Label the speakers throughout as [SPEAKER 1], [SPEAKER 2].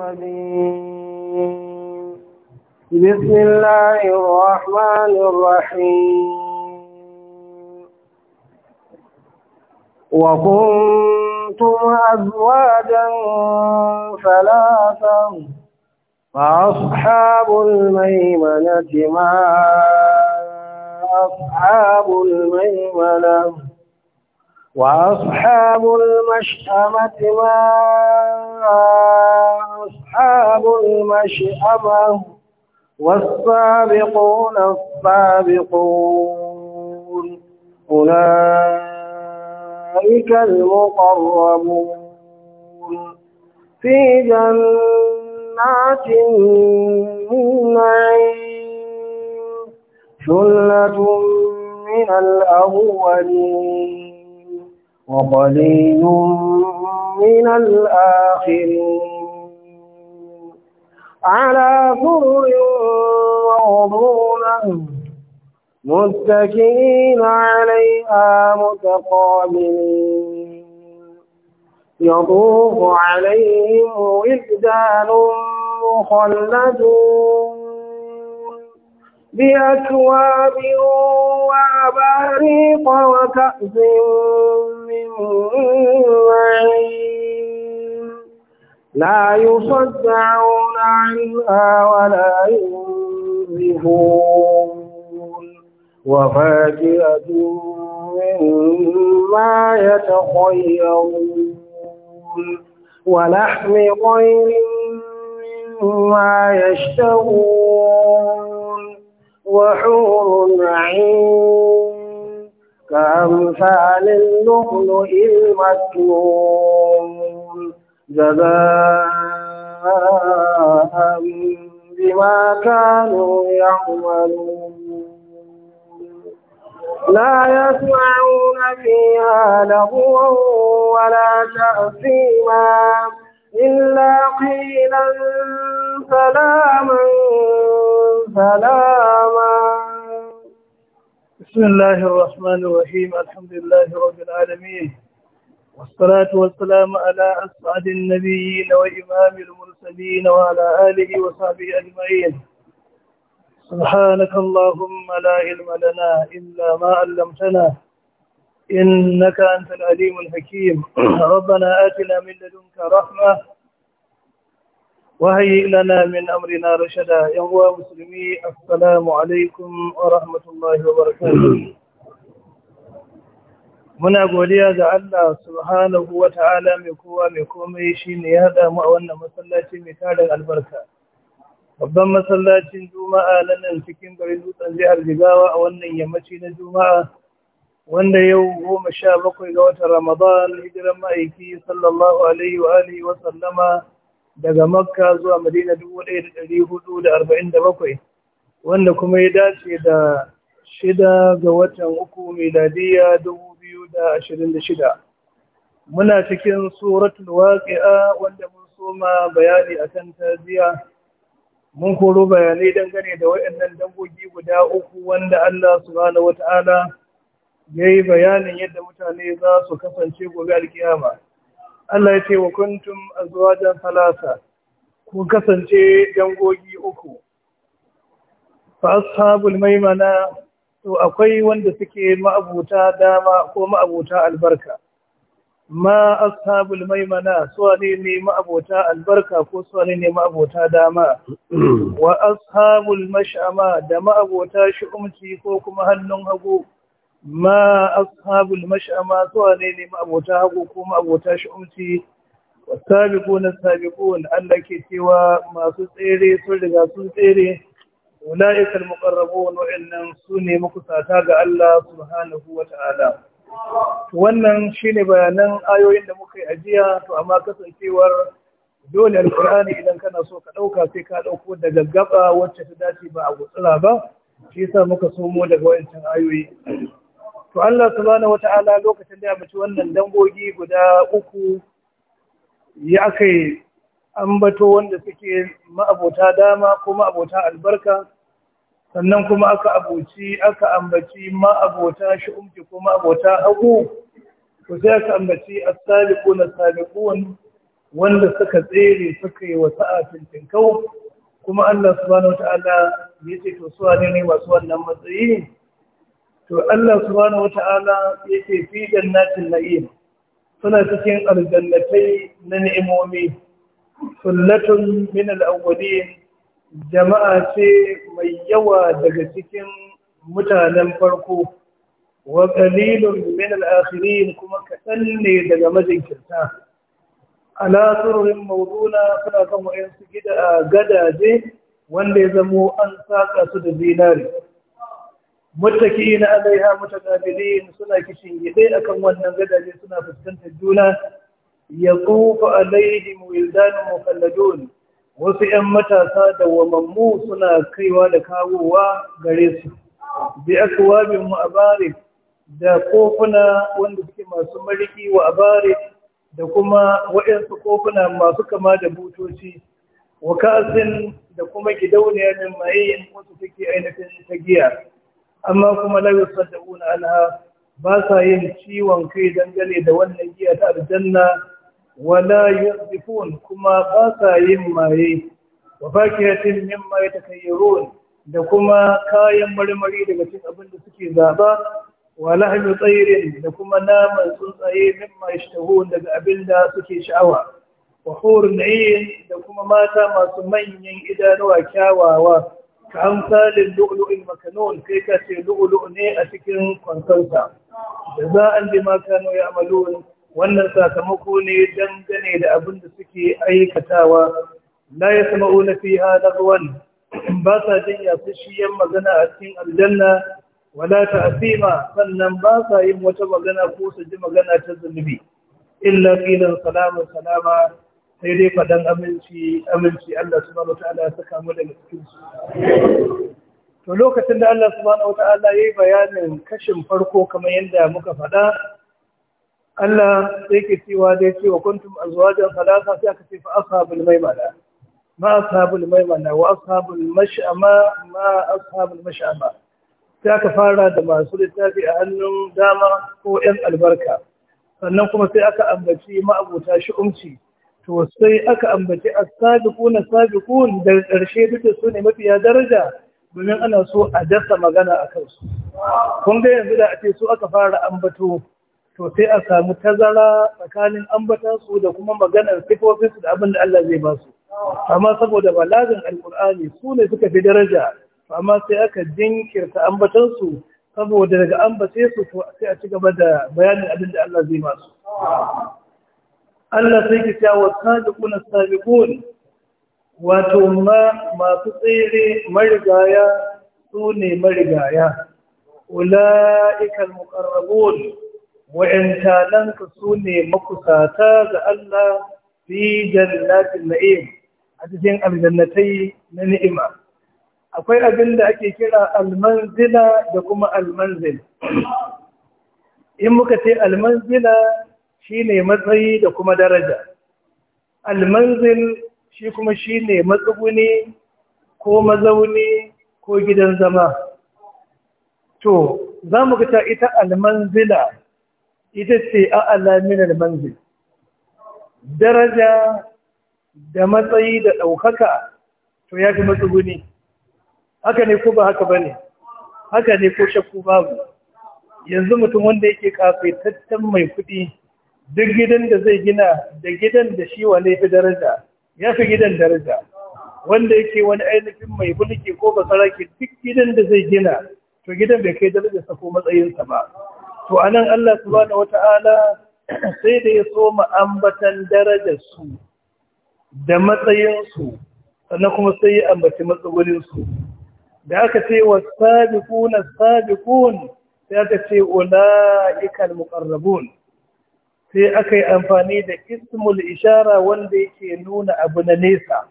[SPEAKER 1] الرجيم بسم الله الرحمن الرحيم وكنتم أزواجا ثلاثا فأصحاب الميمنة ما أصحاب الميمنة وأصحاب المشأمة ما أصحاب المشأمة والسابقون السابقون أولئك المقربون في جنات النعيم ثلة من الأولين وقليل من الآخرين على سرر موضونة متكئين عليها متقابلين يطوف عليهم وجدان مخلدون بأكواب وأباريق وكأس من معين لا يصدعون عنها ولا ينزفون وفاكهة مما يتخيرون ولحم طير مما يشتهون وحور عين كأمثال اللؤلؤ المكنون جزاء بما كانوا يعملون لا يسمعون فيها لغوا ولا تأثيما إلا قيلا سلاما سلاما
[SPEAKER 2] بسم الله الرحمن الرحيم الحمد لله رب العالمين والصلاة والسلام على أسعد النبيين وإمام المرسلين وعلى آله وصحبه أجمعين سبحانك اللهم لا علم لنا إلا ما علمتنا إنك أنت العليم الحكيم ربنا آتنا من لدنك رحمة وهيئ لنا من أمرنا رشدا يا مسلمي السلام عليكم ورحمة الله وبركاته muna godiya ga Allah subhanahu wa ta'ala mai kowa mai komai shi ne ya haɗa mu a wannan masallaci mai tarin albarka. Babban masallacin Juma'a na nan cikin garin dutsen jihar Jigawa a wannan yammaci na Juma'a wanda yau goma sha bakwai ga watan Ramadan hijiran ma'aiki sallallahu alaihi wa alihi wa sallama daga makka zuwa madina 1447 wanda kuma ya dace da shida ga watan uku miladiya 2026 muna cikin suratul waqi'a wanda mun soma bayani a kan taziya mun koro bayanai dangane da waɗannan dangogi guda uku wanda Allah subhanahu wata'ala ya yi bayanin yadda mutane za su kasance gobe alkiyama Allah ya ce wa kuntum azwajan salasa ku kasance dangogi uku fa ashabul maimana to akwai wanda suke ma'abuta dama ko ma'abuta albarka ma ashabul maimana su ne ne ma'abuta albarka ko su ne ne ma'abuta dama wa ashabul mash'ama da ma'abuta shi'umci ko kuma hannun hagu ma ashabul mash'ama zuwa ne ne abota hagu ko abota shi'umci wa na sabiqu Allah ke cewa masu tsere sun riga sun tsere ulaika almuqarrabun wa innan sune makusata ga Allah subhanahu wa ta'ala wannan shine bayanan ayoyin da muka yi ajiya to amma kasancewar dole alqur'ani idan kana so ka dauka sai ka dauko daga gaba wacce ta dace ba a gutsura ba shi yasa muka somo daga wayancin ayoyi
[SPEAKER 1] to Allah subhanahu
[SPEAKER 2] wata'ala lokacin da ya bace wannan dangogi guda uku ya akai ambato wanda suke ma'abota dama ko ma'abota albarka sannan kuma aka abuci aka ambaci ma'abota shi'umci ko ma'abota hagu to sai aka ambaci as na saliqun wanda suka tsere suka yi wa cikin kawo kuma Allah subhanahu wata'ala ya ce to su ne masu wannan matsayi to Allah subhanahu wata'ala yake fi jannatin na'im suna cikin aljannatai na ni'imomi sullatun min al-awwalin jama'a ce mai yawa daga cikin mutanen farko wa qalilun min al-akhirin kuma kaɗan ne daga majinkirta ala sururin mawduna suna kan wayansu gida gadaje wanda ya zamo an saka su da zinari na alaiha mutaqabilin suna kishin gide akan wannan gadaje suna fuskantar juna yaqufu alaihim wildan mukhalladun wasu 'yan matasa da wamammu suna kaiwa da kawowa gare su bi akwabin mu'abarik da kofuna wanda suke masu mariki wa abarik da kuma waɗansu kofuna masu kama da butoci wa da kuma gidauniya min mayin wasu take ainihin ta giya amma kuma la yusaddauna anha ba sa yin ciwon kai dangane da wannan giya ta aljanna wala yuzifun kuma ba sa yin maye wa fakihatin mimma yatakayyarun da kuma kayan marmari daga cikin abin da suke zaba wa lahmi tsairin da kuma naman tsuntsaye mimma yashtahun daga abin da suke sha'awa wa hurun da kuma mata masu manyan idanuwa kyawawa
[SPEAKER 1] kamsalin
[SPEAKER 2] lu'lu'in makanon kai ka ce lu'lu' ne a cikin kwansansa da za an bi makano ya amalu wannan sakamako ne dangane da abin da suke aikatawa la ya sama una fi lagwan ba sa jin yan magana a cikin aljanna wala ta'sima sannan ba sa yin wata magana ko su ji magana ta zunubi illa qilan salama salama sai dai fadan aminci aminci Allah subhanahu wata'ala ya saka mu daga cikin su to lokacin da Allah subhanahu wata'ala yayi bayanin kashin farko kamar yadda muka faɗa
[SPEAKER 1] Allah
[SPEAKER 2] sai ke cewa dai cewa kuntum azwajan salasa sai aka ce fa ashabul maimana ma ashabul maimana wa ashabul mash'ama ma ashabul mash'ama sai aka fara da masu littafi a hannun dama ko 'yan albarka sannan kuma sai aka ambaci ma'abuta shi'umci to sai aka ambaci as-sabiqun as-sabiqun da ƙarshe duka su ne mafiya daraja domin ana so a dasa magana a kansu kun ga yanzu da ake so aka fara ambato to sai a samu tazara tsakanin ambata su da kuma maganar sifofin su da abin da Allah zai ba su amma saboda balagin alqur'ani su ne suka fi daraja amma sai aka jinkirta ambatan su saboda daga ambace su to sai a ci gaba da bayanin abin da Allah zai ba su Allah sai ki cewa sadiquna sabiqun wato ma masu tsere marigaya su ne marigaya ula'ikal muqarrabun wa'intalanka su ne makusata ga Allah fi jannatin na'im a cikin aljannatai na ni'ima akwai abin da ake kira almanzila da kuma almanzil in muka ce almanzila Shi ne matsayi da kuma daraja almanzil shi kuma shi ne matsuguni ko mazauni ko gidan zama to za mu ta ita almanzila ita ce a'ala min almanzil daraja da matsayi da ɗaukaka to ya fi matsuguni haka ne ko ba haka ba ne haka ne ko shakku babu yanzu mutum wanda yake kafetaccen mai kuɗi duk gidan da zai gina da gidan da shi wane fi daraja ya fi gidan daraja wanda yake wani ainihin mai bulki ko basaraki duk gidan da zai gina to gidan bai kai darajarsa ko matsayinsa ba to anan Allah subhanahu wata'ala sai da ya so ambatan darajarsu da matsayinsu sannan kuma sai ya ambaci su da aka ce wa sabiquna sabiqun sai aka ce ula'ikal muqarrabun sai aka yi amfani da ismul ishara wanda yake nuna abu na nesa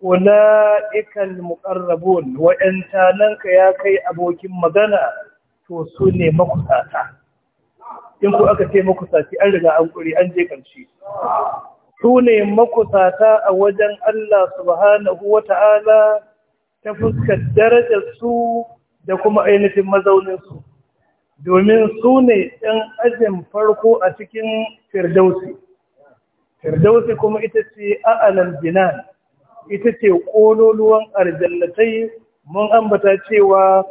[SPEAKER 2] wa’yanta nan ka ya kai abokin magana to su ne makusata in ku aka ce makusati an riga an kuri an je ƙarshe su ne makusata a wajen Allah subhanahu wata'ala ta fuskar darajar su da kuma ainihin mazauninsu. domin su ne ɗan ajin farko a cikin firdausi firdausi kuma ita ce a'alan jinan ita ce ƙololuwan aljannatai mun ambata cewa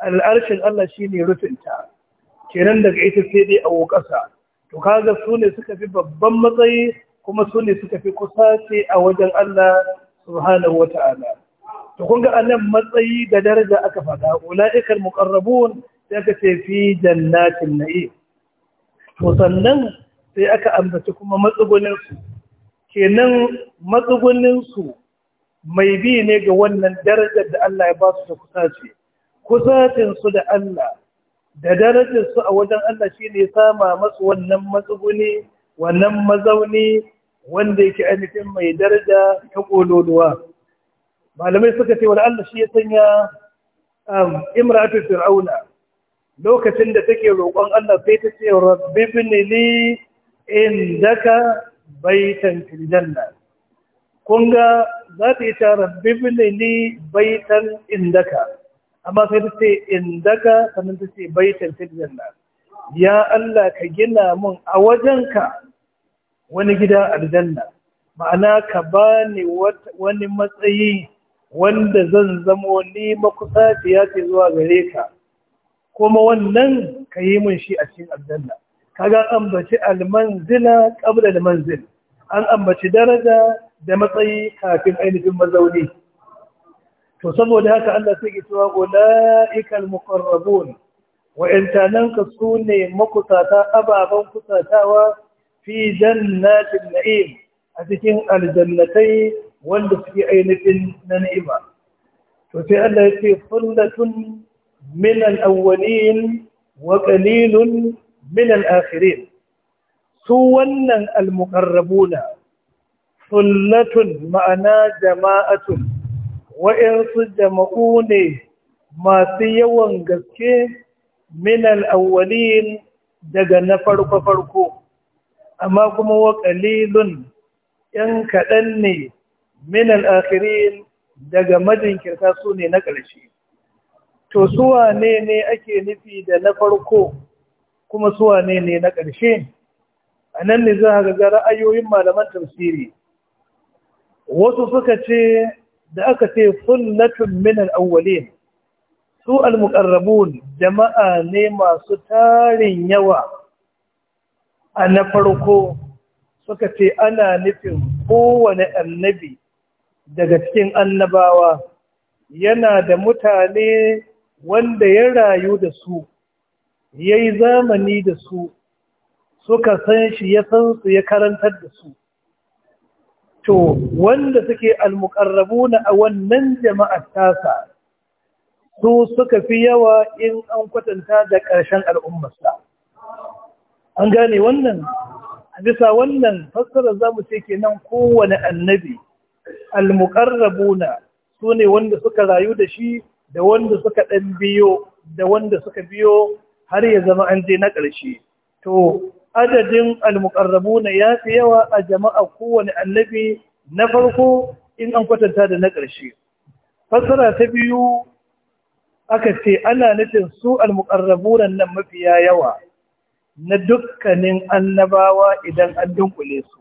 [SPEAKER 2] al'arshin Allah shi ne rufinta kenan daga ita sai dai a ƙasa to kaga su ne suka fi babban matsayi kuma su ne suka fi kusa ce a wajen Allah subhanahu wa ta'ala to kun ga anan matsayi da daraja aka faɗa ula'ikal muqarrabun sai aka ce fi jannatin na'im to sannan sai aka ambaci kuma matsugunin su kenan matsugunin su mai bi ne ga wannan darajar da Allah ya ba su da kusaci kusacin su da Allah da darajar su a wajen Allah shine sama masu wannan matsuguni wannan mazauni wanda yake ainihin mai daraja ta kololuwa malamai suka ce wani Allah shi ya sanya um, imratu fir'auna lokacin da take roƙon Allah sai ta ce rabbi li indaka baitan fil janna kun ga za ta yi ta rabbi li baitan indaka amma sai ta ce indaka sannan ta ce baitan fil janna ya Allah ka gina mun a wajenka wani gida aljanna ma'ana ka bani wani matsayi wanda zan zamo ni ya ce zuwa gare ka kuma wannan ka yi mun shi a cikin aljanna kaga ambaci almanzila qabla almanzil an ambaci daraja da matsayi kafin ainihin mazauni to saboda haka Allah sai ya cewa ulaika almuqarrabun wa sune makusata ababan kusatawa fi jannatin na'im a cikin aljannatai wanda suke ainihin na ni'ima to sai Allah ya ce tun. من الأولين وقليل من الآخرين سوانا المقربون ثلة معنا جماعة وإن صدمؤوني ما سيوان قسكي من الأولين daga na farko-farko, amma kuma wa ƙalilun ‘yan kaɗan ne min al'akirin daga majin su ne na ƙarshe. to suwa ne ne ake nufi da na farko kuma suwa ne ne na ƙarshe a nan ne za ga ra'ayoyin malaman tafsiri wasu suka ce da aka ce sunnatun min al su al-muqarrabun jama'a ne masu tarin yawa a na farko suka ce ana nufin kowane annabi daga cikin annabawa yana da mutane wanda ya rayu da su ya yi zamani da su suka san shi ya san su ya karantar da su to wanda suke almukarrabuna a wannan jama'ar tasa su suka fi yawa in an kwatanta da ƙarshen al'ummarsa an gane wannan a bisa wannan fassarar za mu ce kenan kowane annabi almukarrabuna su ne wanda suka rayu da shi da wanda suka ɗan biyo da wanda suka biyo har ya zama an je na ƙarshe to adadin na ya fi yawa a jama'a kowane annabi na farko in an kwatanta da na ƙarshe fassara ta biyu aka ce ana nufin su almuƙarrabu nan mafiya yawa na dukkanin annabawa idan an dunkule su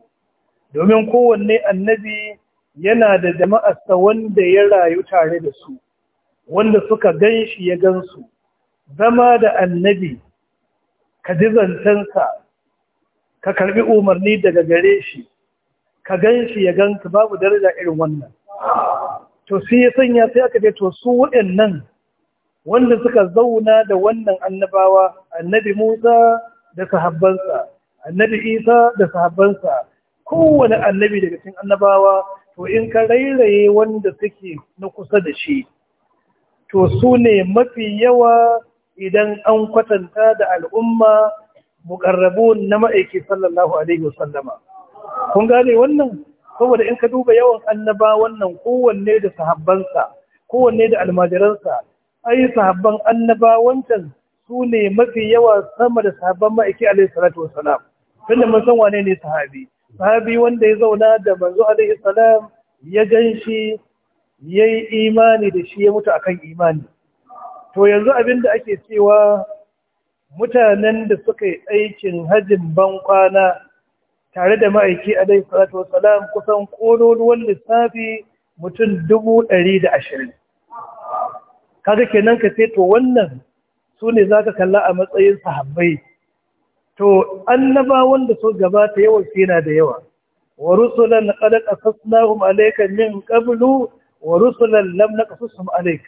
[SPEAKER 2] domin kowanne annabi yana da jama'arsa wanda ya rayu tare da su wanda suka gan shi ya su, zama da annabi ka ji zancensa ka karbi umarni daga gare shi ka gan shi ya su, babu daraja irin wannan to sai ya sanya sai aka ce to su waɗannan wanda suka zauna da wannan annabawa annabi Musa da sahabbansa annabi Isa da sahabbansa kowane annabi daga cikin annabawa to in ka rairaye wanda suke na kusa da shi to su ne mafi yawa idan an kwatanta da al'umma muƙarrabun na ma'aiki sallallahu alaihi wasallama kun gane wannan saboda in ka duba yawan annaba wannan kowanne da sahabbansa kowanne da almajiransa ai sahabban annaba wancan su ne mafi yawa sama da sahabban ma'aiki alaihi salatu wasalam tunda mun san wane ne sahabi sahabi wanda ya zauna da manzo alaihi salam ya gan shi ya yi imani da shi ya mutu akan imani to yanzu abin da ake cewa mutanen da suka yi aikin hajjin kwana tare da ma'aiki a dai salatu salam kusan ƙololuwan lissafi mutum dubu ɗari da ashirin kaga kenan ka ce to wannan su ne za ka kalla a matsayin sahabbai to annabawan da su gabata yawan fina da yawa wa rusulan qad qasasnahum alayka min qablu wa rusulan lam naqsusum alayk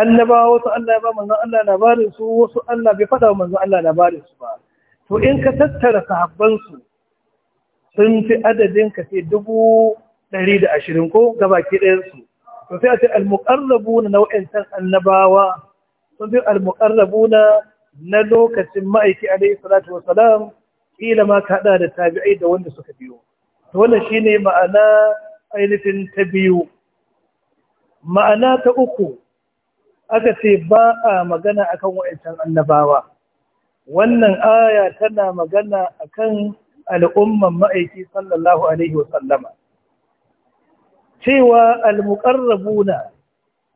[SPEAKER 2] annaba wasu Allah ya ba manzon Allah labarin su wasu Allah bai faɗa wa Allah labarin su ba to in ka tattara sahabban su sun fi adadin ka sai dubu ɗari da ashirin ko gabaki ɗayan su to sai a ce almuqarrabu na nau'in san annabawa sun fi almuqarrabu na lokacin ma'aiki alaihi salatu wassalam kila ma ka da tabi'ai da wanda suka biyo to wannan shine ma'ana ainihin ta biyu ma'ana ta uku aka ce ba a magana akan wa'ancan annabawa wannan aya tana magana akan al'umman ma'aiki sallallahu alaihi wasallama cewa almuqarrabuna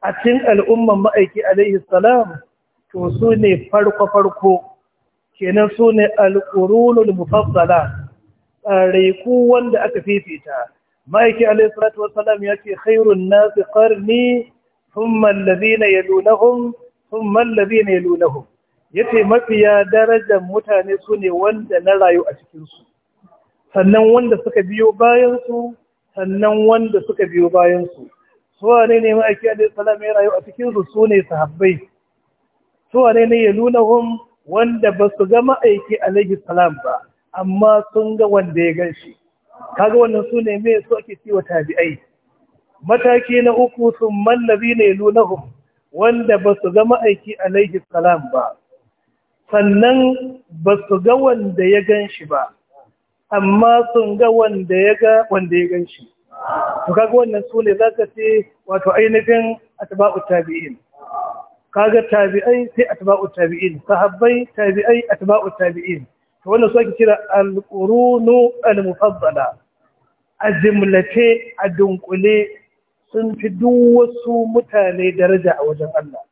[SPEAKER 2] a cikin al'umman ma'aiki alaihi salam to su ne farko-farko kenan su ne al'urunul mufassala tsare ku wanda aka fifita ma'aiki alaihi salatu wassalam ya ce khairun nasi qarni thumma alladhina yalunahum ya alladhina Ya ce mafiya darajar mutane su ne wanda na rayu a cikinsu, sannan wanda suka biyo bayansu, sannan wanda suka biyo bayansu. su su wane ne ma'aiki alaihi salam ya rayu a cikinsu su ne sahabbai su wane ne yalunahum wanda ba su ga ma'aiki alaihi salam ba amma sun ga wanda ya gan shi kaga wannan su ne mai su ake ciwa tabi'ai mataki na uku sun mallabi ne lunahum wanda ba su ga ma'aiki alaihi salam ba sannan ba su ga wanda ya gan shi ba amma sun ga wanda ya ga wanda ya gan shi to kaga wannan su ne za ce wato ainihin atba'u tabi'in kaga tabi'ai sai atba'u tabi'in sahabbai tabi'ai atba'u tabi'in wanda su ake kira al-qurunu al-mufaddala a jimlace a dunkule sun fi duk wasu mutane daraja a wajen Allah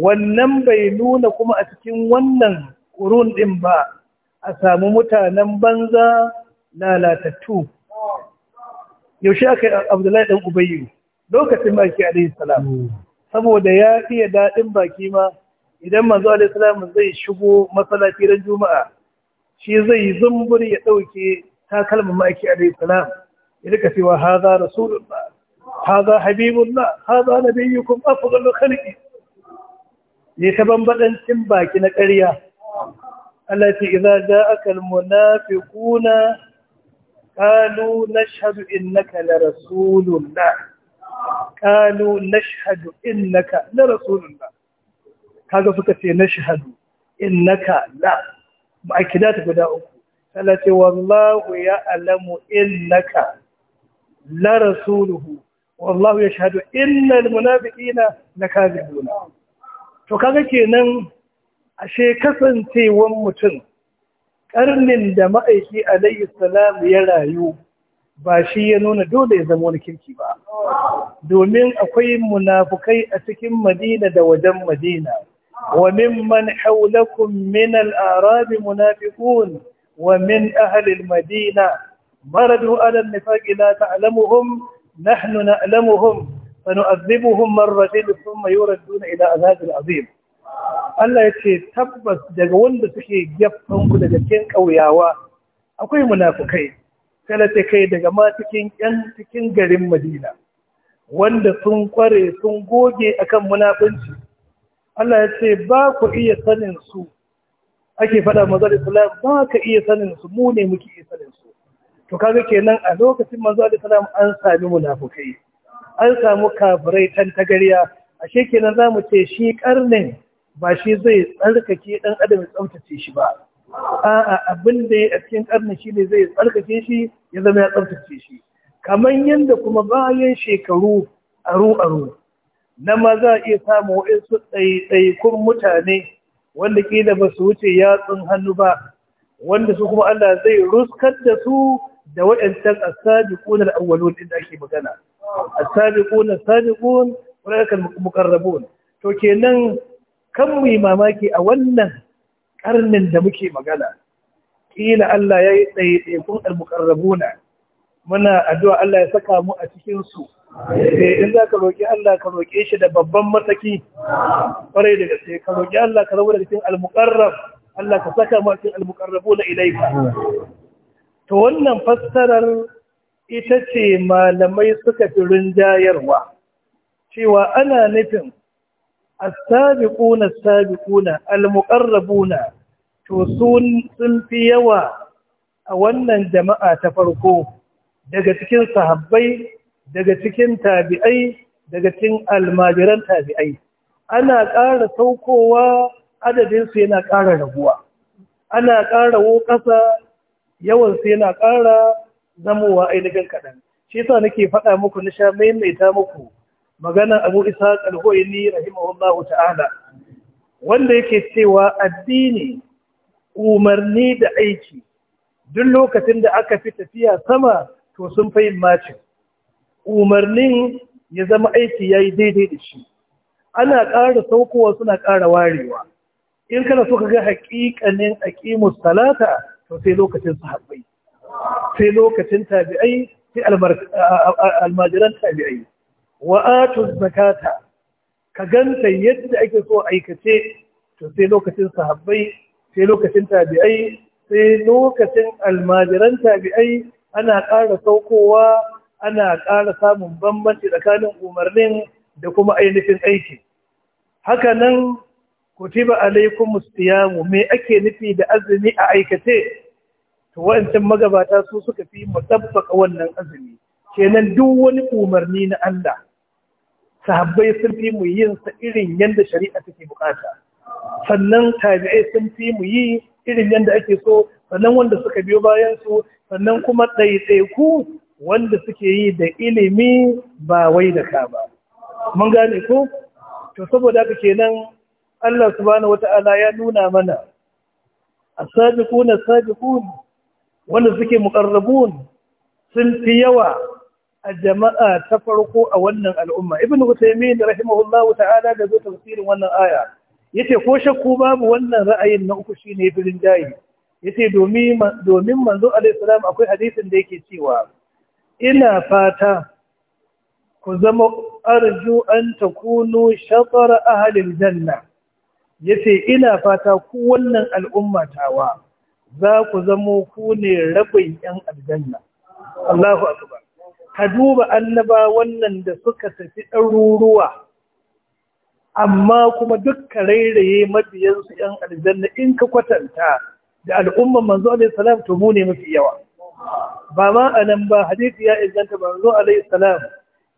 [SPEAKER 2] wannan bai nuna kuma a cikin wannan ƙurun ɗin ba a samu mutanen banza lalatattu yaushe aka yi abdullahi ɗan ubayyu lokacin baki alaihi salam saboda ya fiye daɗin baki ma idan manzo Alayhi salam zai shigo masallaci ran juma'a shi zai yi zumbur ya ɗauke takalmin ma'aiki alaihi salam ya rika cewa haza rasulullah haza habibullah haza nabiyyukum afdalul khalqi ne ta bambadancin baki na ƙarya التي إذا جاءك المنافقون na shahadu in naka na قالوا نشهد إنك suka ce na shahadu in naka na. ta guda uku tana ce wallahu ya alamu illaka la rasuluhu wallahu ya shahadu innal munafiqina lakazibuna to kaga kenan ashe kasancewan mutum karnin da ma'aiki alayhi salam ya rayu ba shi ya nuna dole ya zama wani kirki ba domin akwai munafukai a cikin madina da wajen madina وممن حولكم من الأعراب منافقون ومن أهل المدينة مردوا على النفاق لا تعلمهم نحن نعلمهم فنؤذبهم مرتين ثم يردون إلى عذاب العظيم Allah ya ce tabbas daga wanda suke ku daga cikin ƙauyawa akwai munafukai talata kai daga ma cikin cikin garin Madina wanda sun kware sun goge akan munafunci Allah ya ce ba ku iya sanin su ake faɗa manzo Allah ba ka iya sanin su mu ne muke iya sanin su to kaga kenan a lokacin manzo Allah an sami munafukai an samu kafirai tan tagariya ashe kenan zamu ce shi karnin ba shi zai tsarkake dan adam ya tsaftace shi ba a'a abin da a cikin karnin shi ne zai tsarkake shi ya zama ya tsaftace shi kamar yadda kuma bayan shekaru aru aru na maza iya samun waɗansu ɗaiɗaikun mutane wanda ƙila ba su wuce yatsun hannu ba wanda su kuma Allah zai ruskar da su da waɗancan asabiqun al-awwalun din da ake magana asabiqun asabiqun walakin muqarrabun to kenan kan mu mamaki a wannan karnin da muke magana kila Allah ya yi ɗaiɗaikun al-muqarrabuna muna addu'a Allah ya saka mu a cikin su Eh, in za ka roƙi Allah ka roƙe shi da babban mataki ƙwarai da gaske ka roƙi Allah ka zama da cikin almuƙarrab Allah ka saka ma cikin almuƙarrabu na ilaika to wannan fassarar ita ce malamai suka fi rinjayarwa cewa ana nufin as-sabiquna as-sabiquna al-muqarrabuna to sun fi yawa a wannan jama'a ta farko daga cikin sahabbai daga cikin tabi'ai daga cikin almajiran tabi'ai ana ƙara saukowa adadin adadinsu yana ƙara raguwa ana ƙara wo ƙasa yawansu yana ƙara zamowa ainihin kaɗan shi yasa nake faɗa muku na sha maimaita muku magana abu isa ni rahimahullahu ta'ala wanda yake cewa addini umarni da aiki duk lokacin da aka fi tafiya sama to sun fahimmacin umarnin ya zama aiki ya yi daidai da shi ana ƙara saukowa suna ƙara warewa in kana so ka ga haƙiƙanin aƙimus talata to sai lokacin haɓai sai lokacin tabi'ai sai almajiran tabi'ai wa'atu zakata ka ganta yadda ake so aikace to sai lokacin sahabbai sai lokacin tabi'ai sai lokacin almajiran tabi'ai ana ƙara saukowa ana ƙara samun bambanci tsakanin umarnin da kuma ainihin aiki haka nan kutiba alaikum musu me ake nufi da azumi a aikace to wa'ancan magabata su suka fi mutabbaka wannan azumi kenan duk wani umarni na Allah sahabbai sun fi mu yin sa irin yadda shari'a take bukata sannan tabi'ai sun fi mu yi irin yadda ake so sannan wanda suka biyo bayansu, su sannan kuma ɗaiɗaiku wanda suke yi da ilimi ba wai da ka ba mun gane ku. to saboda ka kenan Allah subhanahu wata'ala ya nuna mana a sabiquna as-sabiqun wanda suke muƙarrabu sun fi yawa a jama'a ta farko a wannan al'umma ibnu usaymin rahimahullahu ta'ala da zo tafsirin wannan aya yace ko shakku babu wannan ra'ayin na uku shine birin jayi Ya ce domin manzo alaihi akwai hadisin da yake cewa ina fata ku zama arju an takunu shatar ahalin janna yace ina fata ku wannan al'umma tawa za ku zamo ku ne rabin yan aljanna Allahu akbar ka duba annaba wannan da suka tafi ɗaruruwa amma kuma dukka rairaye mabiyansu yan aljanna in ka kwatanta da al'umman manzo alaihi salam to mu ne mafi yawa ba ma a nan ba hadisi ya inganta zo alaihi salam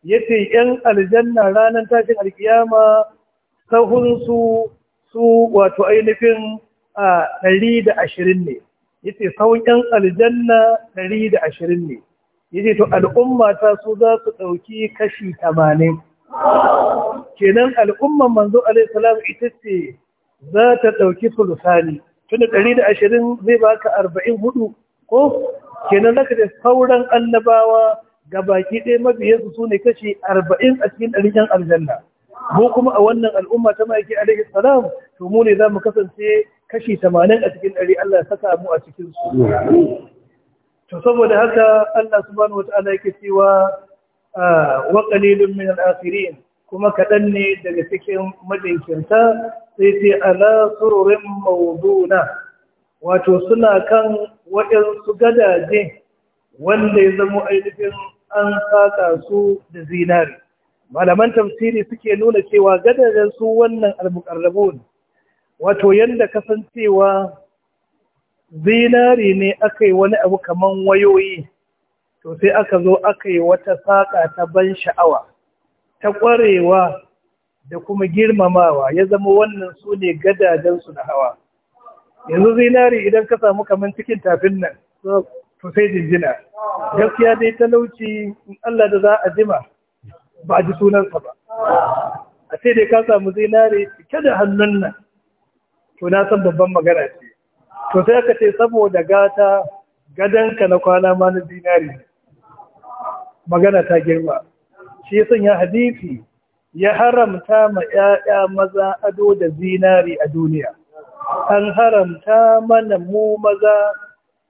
[SPEAKER 2] ce yan aljanna ranar tashin alkiyama sahun su su wato ainihin a ɗari da ashirin ne Ya ce sahun yan aljanna ɗari da ashirin ne Ya ce to al'umma ta su za su ɗauki kashi tamanin kenan al'umma, manzo alaihi salam ita ce za ta ɗauki sulusani tunda ɗari da ashirin zai baka arba'in hudu ko kenan zaka da sauran annabawa ga baki ɗaya mabiyansu su sune kashi arba'in a cikin ɗari yan aljanna mu kuma a wannan al'umma ta maki alaihi salam to mu ne zamu kasance kashi tamanin a cikin ɗari Allah ya saka mu a cikin su to saboda haka Allah subhanahu wata'ala yake cewa ah, wa qalilun min al-akhirin kuma kaɗan ne daga cikin majinkirta sai sai ala sururin mawduna wato suna kan waɗansu gadaje wanda ya zama ainihin an saƙa su da zinari malaman tafsiri suke nuna cewa gadajen su wannan ne wato yadda kasancewa zinari ne aka yi wani abu kamar wayoyi to sai aka zo aka yi wata saƙa ta ban sha'awa ta ƙwarewa da kuma girmamawa ya zama wannan su ne gadajensu na hawa yanzu zinari idan ka samu kamar cikin tafin nan to sai jinjina gaskiya dai talauci in Allah da za a jima ba a ji sunansa ba a sai dai ka samu zinari cike da hannun nan to na san babban magana ce to sai aka ce saboda gata gadanka na kwana ma na zinari magana ta girma shi ya sanya hadisi ya haramta ma 'ya'ya maza ado da zinari a duniya an haramta mana mu maza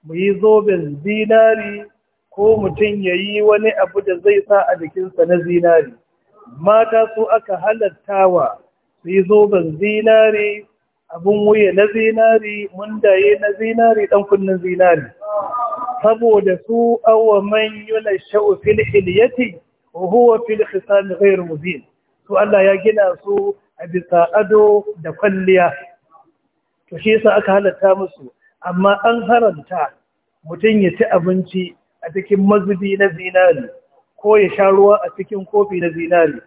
[SPEAKER 2] mu yi zoben zinari ko mutum ya yi wani abu da zai sa a jikinsa na zinari mata su aka halattawa su yi zoben zinari abin wuya na zinari mun mundaye na zinari ɗan kunnen zinari saboda su awa man yuna sha'u fil hilyati wa huwa fil khisan ghayr mubin to Allah ya gina su a bisa ado da kwalliya to shi yasa aka halatta musu amma an haramta mutum ya ci abinci a cikin mazubi na zinari ko ya sha ruwa a cikin kofi na zinari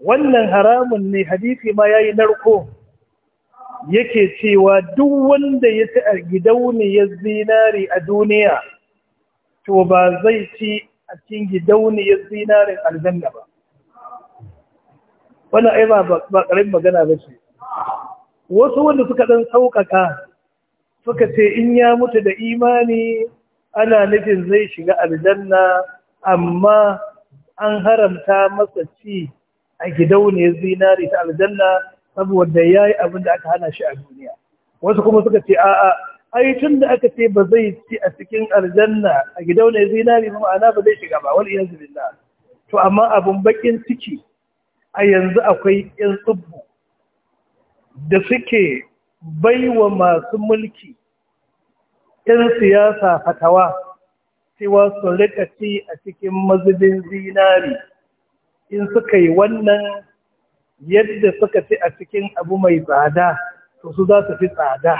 [SPEAKER 2] wannan haramun ne hadisi ma yayi narko yake cewa duk wanda ya ci a gidauniyar zinari a duniya to ba zai ci a cikin gidauniyar zinarin aljanna ba wannan ai ba ƙarin magana ba ce wasu wanda suka ɗan sauƙaƙa suka ce in ya mutu da imani ana nufin zai shiga aljanna amma an haramta masa ci a gidauniyar zinari ta aljanna saboda ya yi abin da aka hana shi a duniya wasu kuma suka ce a'a ai tun da aka ce ba zai ci a cikin aljanna a gidauniyar zinari ba ma'ana ba zai shiga ba wal iyazu billah to amma abun bakin ciki a yanzu akwai yan tsubbu da suke baiwa masu mulki ‘yan siyasa fatawa cewa su rika ci a cikin mazubin zinari in suka yi wannan yadda suka ci a cikin abu mai tsada to su za su fi tsada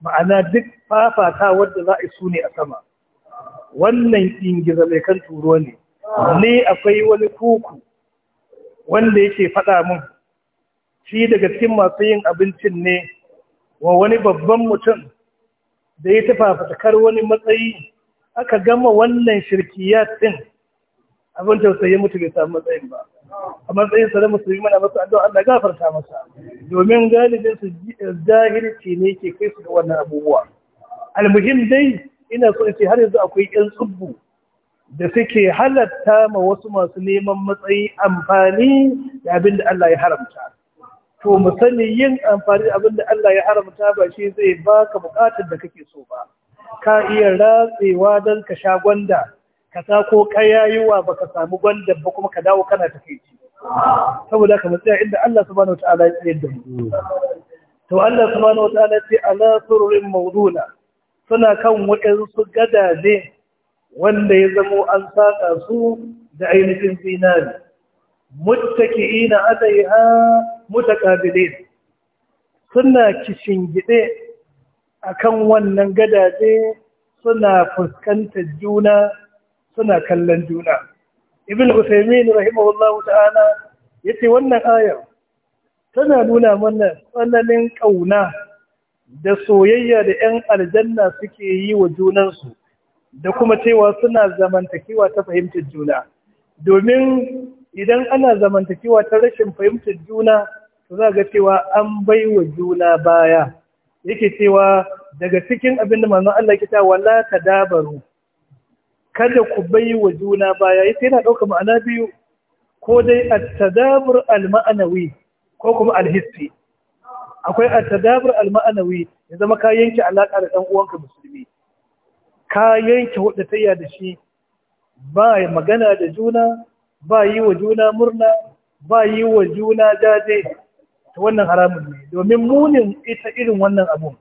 [SPEAKER 2] ma'ana duk fafata wadda za a su ne a sama wannan ingiza mai kan turo ne ne akwai wani kuku wanda yake faɗa mun shi daga cikin masu yin abincin ne wa wani babban mutum da ya tafa fatakar wani matsayi aka gama wannan shirkiya din abin tausayi mutu bai samu matsayin ba a matsayin sa da musulmi mana masu addu'a Allah gafarta masa domin galibin su eh, jahilci ne ke kai su ga wannan abubuwa almuhim dai ina so in ce har yanzu akwai yan tsubbu da suke halatta ma wasu masu neman matsayi amfani da abin da Allah ya haramta to mu sani yin amfani da abin da Allah ya haramta ba shi zai baka bukatar da kake so ba ka iya ratsewa don ka sha gwanda ka ta, ko kayayewa ba ka samu gwanda ba kuma ka dawo kana ta kai saboda ka matsaya inda Allah subhanahu wataala ya tsayar da mu to Allah subhanahu wataala ce ala sururin mawduna suna kan waɗansu gadaje wanda ya zamo an saka su da ainihin zinari muttaki'ina alaiha mutaqabilin suna kishin a akan wannan gadaje suna fuskantar juna suna kallon juna ibn usaymin rahimahullahu ta'ala ya ce wannan ayar tana nuna mana tsananin ƙauna da soyayya da 'yan aljanna suke yi wa junansu da kuma cewa suna zamantakewa ta fahimtar juna domin idan ana zamantakewa ta rashin fahimtar juna to za ga cewa an bai wa juna baya yake cewa daga cikin abin da manzon Allah ke cewa wala tadabaru kada ku bai wa juna baya yake yana ɗauka ma'ana biyu ko dai at-tadabur al-ma'nawi ko kuma al-hissi akwai at-tadabur al-ma'nawi ya zama ka yanke alaka da dan uwanka musulmi ka yanke hudatayya da shi ba magana da juna ba yi wa juna murna ba yi wa juna jaje ta wannan haramun ne domin munin ita irin wannan abun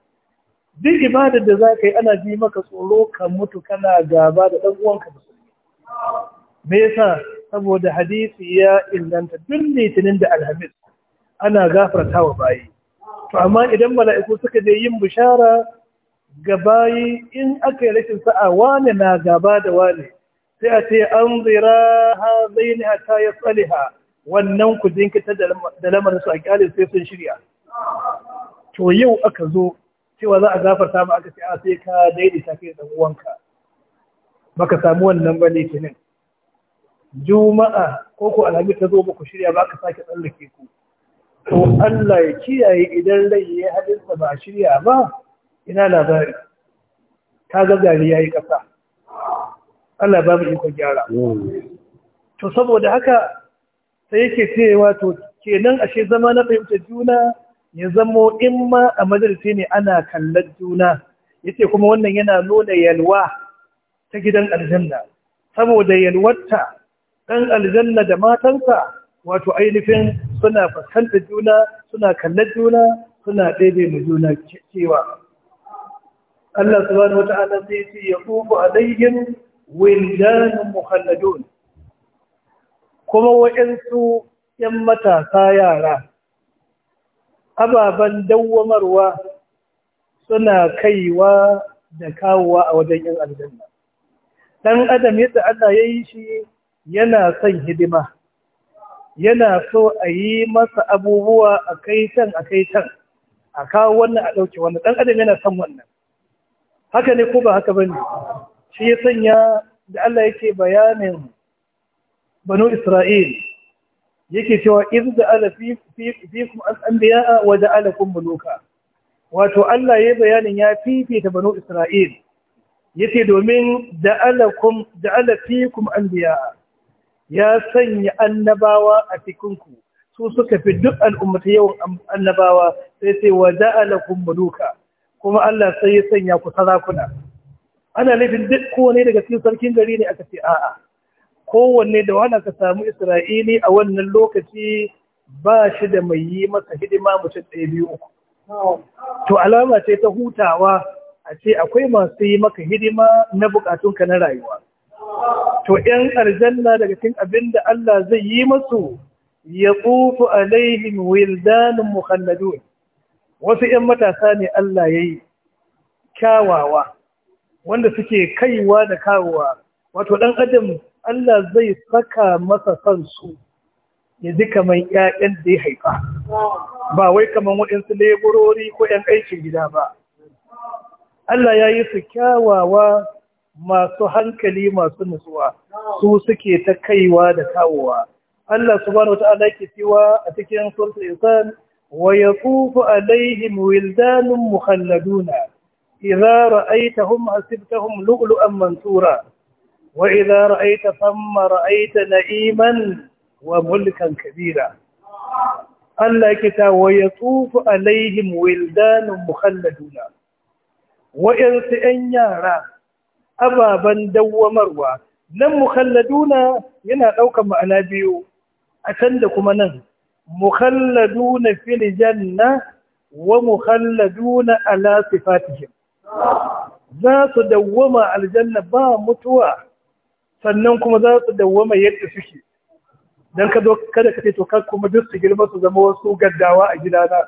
[SPEAKER 2] duk ibadar da za ka yi ana ji maka tsoro ka mutu kana gaba da ɗan uwanka musulmi me yasa saboda hadisi ya inganta duk litinin da alhamis ana gafarta wa bayi to amma idan mala'iku suka je yin bishara ga bayi in aka yi rashin sa'a wane na gaba da wane sai a ce an zira ta tsaliha wannan ku jinkita da lamarin su a kyalin sai sun shirya to yau aka zo cewa za a gafarta ma aka ce a sai ka daidaita kai da uwanka baka samu wannan ba ne juma'a ko ko alhamis ta zo ba ku shirya ba sake tsallake ku to Allah ya kiyaye idan rai ya hadinsa ba a shirya ba ina labari ka ga gari yayi kasa Allah ba mu ikon gyara to saboda haka sai yake cewa to kenan ashe zama na fahimtar juna ya zamo in ma a majalisi ne ana kallon juna yace kuma wannan yana nuna yalwa ta gidan aljanna saboda yalwarta ɗan aljanna da matansa wato ainihin suna fuskantar juna suna kallon juna suna ɗebe mu juna cewa Allah subhanahu wata'ala sai ya ce ya tsufu wildanun mukhalladun kuma wa'insu ‘yan matasa yara ababen dawwamarwa suna kaiwa da kawowa a wajen ‘yan aljanna ɗan adam yadda Allah ya yi shi yana son hidima yana so a yi masa abubuwa a kai can a kai can a kawo wannan a ɗauke wannan ɗan adam yana son wannan haka ne ko ba haka ba ne shi ya sanya da Allah yake bayanin banu Isra'il yake cewa iz da ala fikum al-anbiya'a wa ja'alakum muluka wato Allah yayi bayanin ya fifita banu Isra'il yace domin da'alakum da'ala fikum anbiya'a ya sanya annabawa a cikinku su suka fi duk al'ummata yawan annabawa sai sai wa da'alakum muluka kuma Allah sai ya sanya ku sarakuna ana laifin duk kowane daga cikin sarkin gari ne aka ce a'a kowanne da wani ka samu isra'ili a wannan lokaci ba shi da mai yi masa hidima mutum ɗaya biyu uku to alama ce ta hutawa a ce akwai masu yi maka hidima na bukatunka na rayuwa to ‘yan aljanna daga cikin abin da Allah zai yi masu ya tsufu alaihim wildanin mukhalladun wasu ‘yan matasa ne Allah ya yi kyawawa wanda suke kaiwa da kawowa wato dan adam Allah zai saka masa san su ya ji kamar ƴaƴan da ya haifa ba wai kamar waɗansu leburori ko ƴan aikin gida ba Allah ya yi su kyawawa masu hankali masu nutsuwa su suke ta kaiwa da kawowa Allah subhanahu wata'ala ke cewa a cikin suratul insan wa yatufu alaihim wildanun mukhalladuna إذا رأيتهم حسبتهم لؤلؤا منثورا وإذا رأيت ثم رأيت نعيما وملكا كبيرا الله كتا ويطوف عليهم ولدان مخلدون وإرس أن يرى أبابا دومروا nan mukhalladuna yana ɗaukar ma'ana biyu a can da kuma nan mukhalladuna fil janna wa mukhalladuna ala sifatihim za su dawwama aljanna ba mutuwa sannan kuma za su dawwama yadda suke dan ka zo kada ka ce to ka kuma duk su girma su zama wasu gaddawa a gidana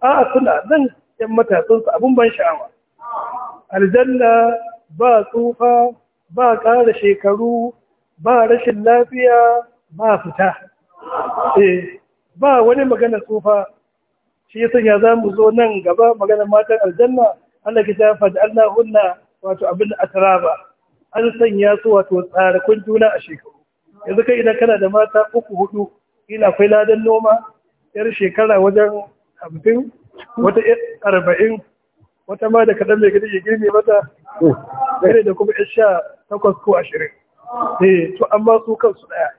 [SPEAKER 2] a suna nan yan matasan abin ban sha'awa aljanna ba tsufa ba ƙara shekaru ba rashin lafiya ba fita eh ba wani magana tsufa shi ya sanya za mu zo nan gaba maganar matan aljanna Allah ke fadi Allah hunna wato abin ataraba. an sanya su wato tsarakun juna a shekaru yanzu kai idan kana da mata uku hudu Ina akwai ladan noma yar shekara wajen hamsin wata arba'in wata ma da kaɗan mai gida ya girme mata gare da kuma sha takwas ko ashirin eh to amma su kansu ɗaya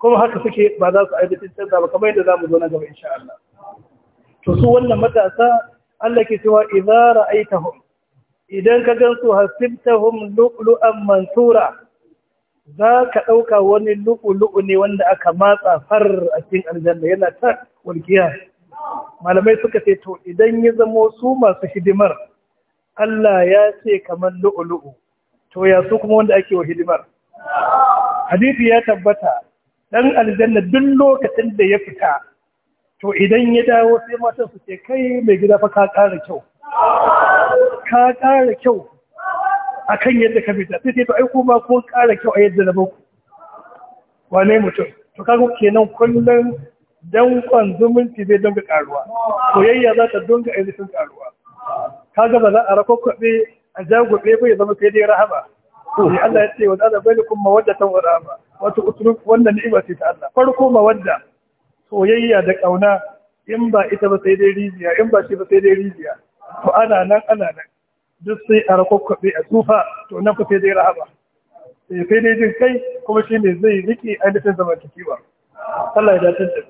[SPEAKER 2] kuma haka suke ba za su aibata canza ba kamar yadda za mu zo na gaba insha Allah to su wannan matasa Allah ke cewa idza ra'aitahum idan ka gansu hasibtahum lu'lu'an mansura za ka ɗauka wani lu'ulu'u ne wanda aka matsa far a cikin aljanna yana ta walƙiya malamai suka ce to idan ya zamo su masu hidimar Allah ya ce kamar lu'ulu'u to ya su kuma wanda ake wa hidimar hadisi ya tabbata dan aljanna duk lokacin da ya fita to idan ya dawo sai matan su ce kai mai gida fa ka ƙara kyau ka ƙara kyau a kan yadda ka fita sai to ai kuma ko ƙara kyau a yadda na ku wane mutum to kaga kenan kullum dankon zumunci zai dinga ƙaruwa. soyayya za ta dinga ainihin ƙaruwa. kaga ba za a rakwakwabe a jagube bai zama sai dai rahama sai Allah ya ce wa kuma wadda ta wa rahama wato usulun wannan ni'ima ce ta Allah farko ma wadda soyayya da ƙauna in ba ita ba sai dai rijiya in ba shi ba sai dai rijiya to ana nan ana nan duk sai a rakwakwabe a tsufa to nan ku sai dai rahaba eh, sai dai jin kai kuma shi ne zai riƙe ainihin zamantakewa Allah ya dace da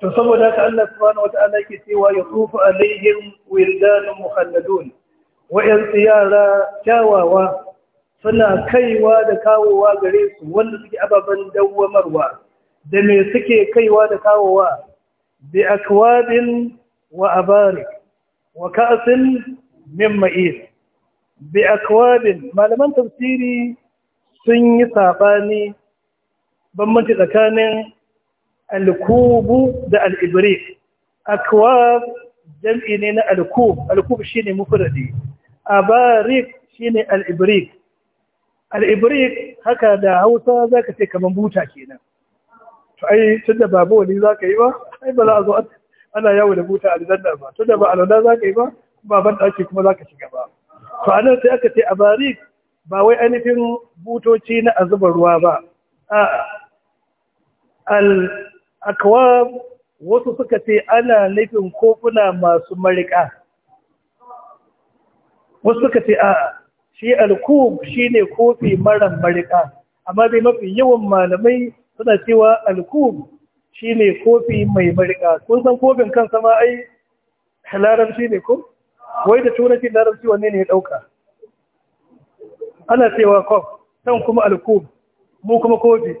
[SPEAKER 2] to saboda haka Allah subhanahu wata'ala yake cewa ya tsufa alaihim wildanun muhalladun wa'yan yara kyawawa suna kaiwa da kawowa gare su wanda suke ababen dawwamarwa da me suke kaiwa da kawowa bi akwabin wa abarik wa ka'sin min ma'is bi akwabin malaman tafsiri sun yi sabani bambanci tsakanin alkubu da al'ibri akwab jam'i ne na alkub alkub shine mufradi abarik shine alibri alibri haka da hausa zaka ce kaman buta kenan ai tun da babu wani za ka yi ba ai ba za a zo ana yawo da buta aljanna ba tun da ba alwala za ka yi ba baban ɗaki kuma za ka shiga ba to a nan sai aka ce a bari ba wai ainihin butoci na a zuba ruwa ba al akwa wasu suka ce ana nufin kofuna masu mariƙa wasu suka ce a shi alkub shine kofi mara mariƙa amma dai mafi yawan malamai suna cewa alkub ne kofi mai marika kun san kofin kansa ma ai larabci ne ko wai da turanci larabci wanne ne ya dauka ana cewa kof san kuma alkub mu kuma kofi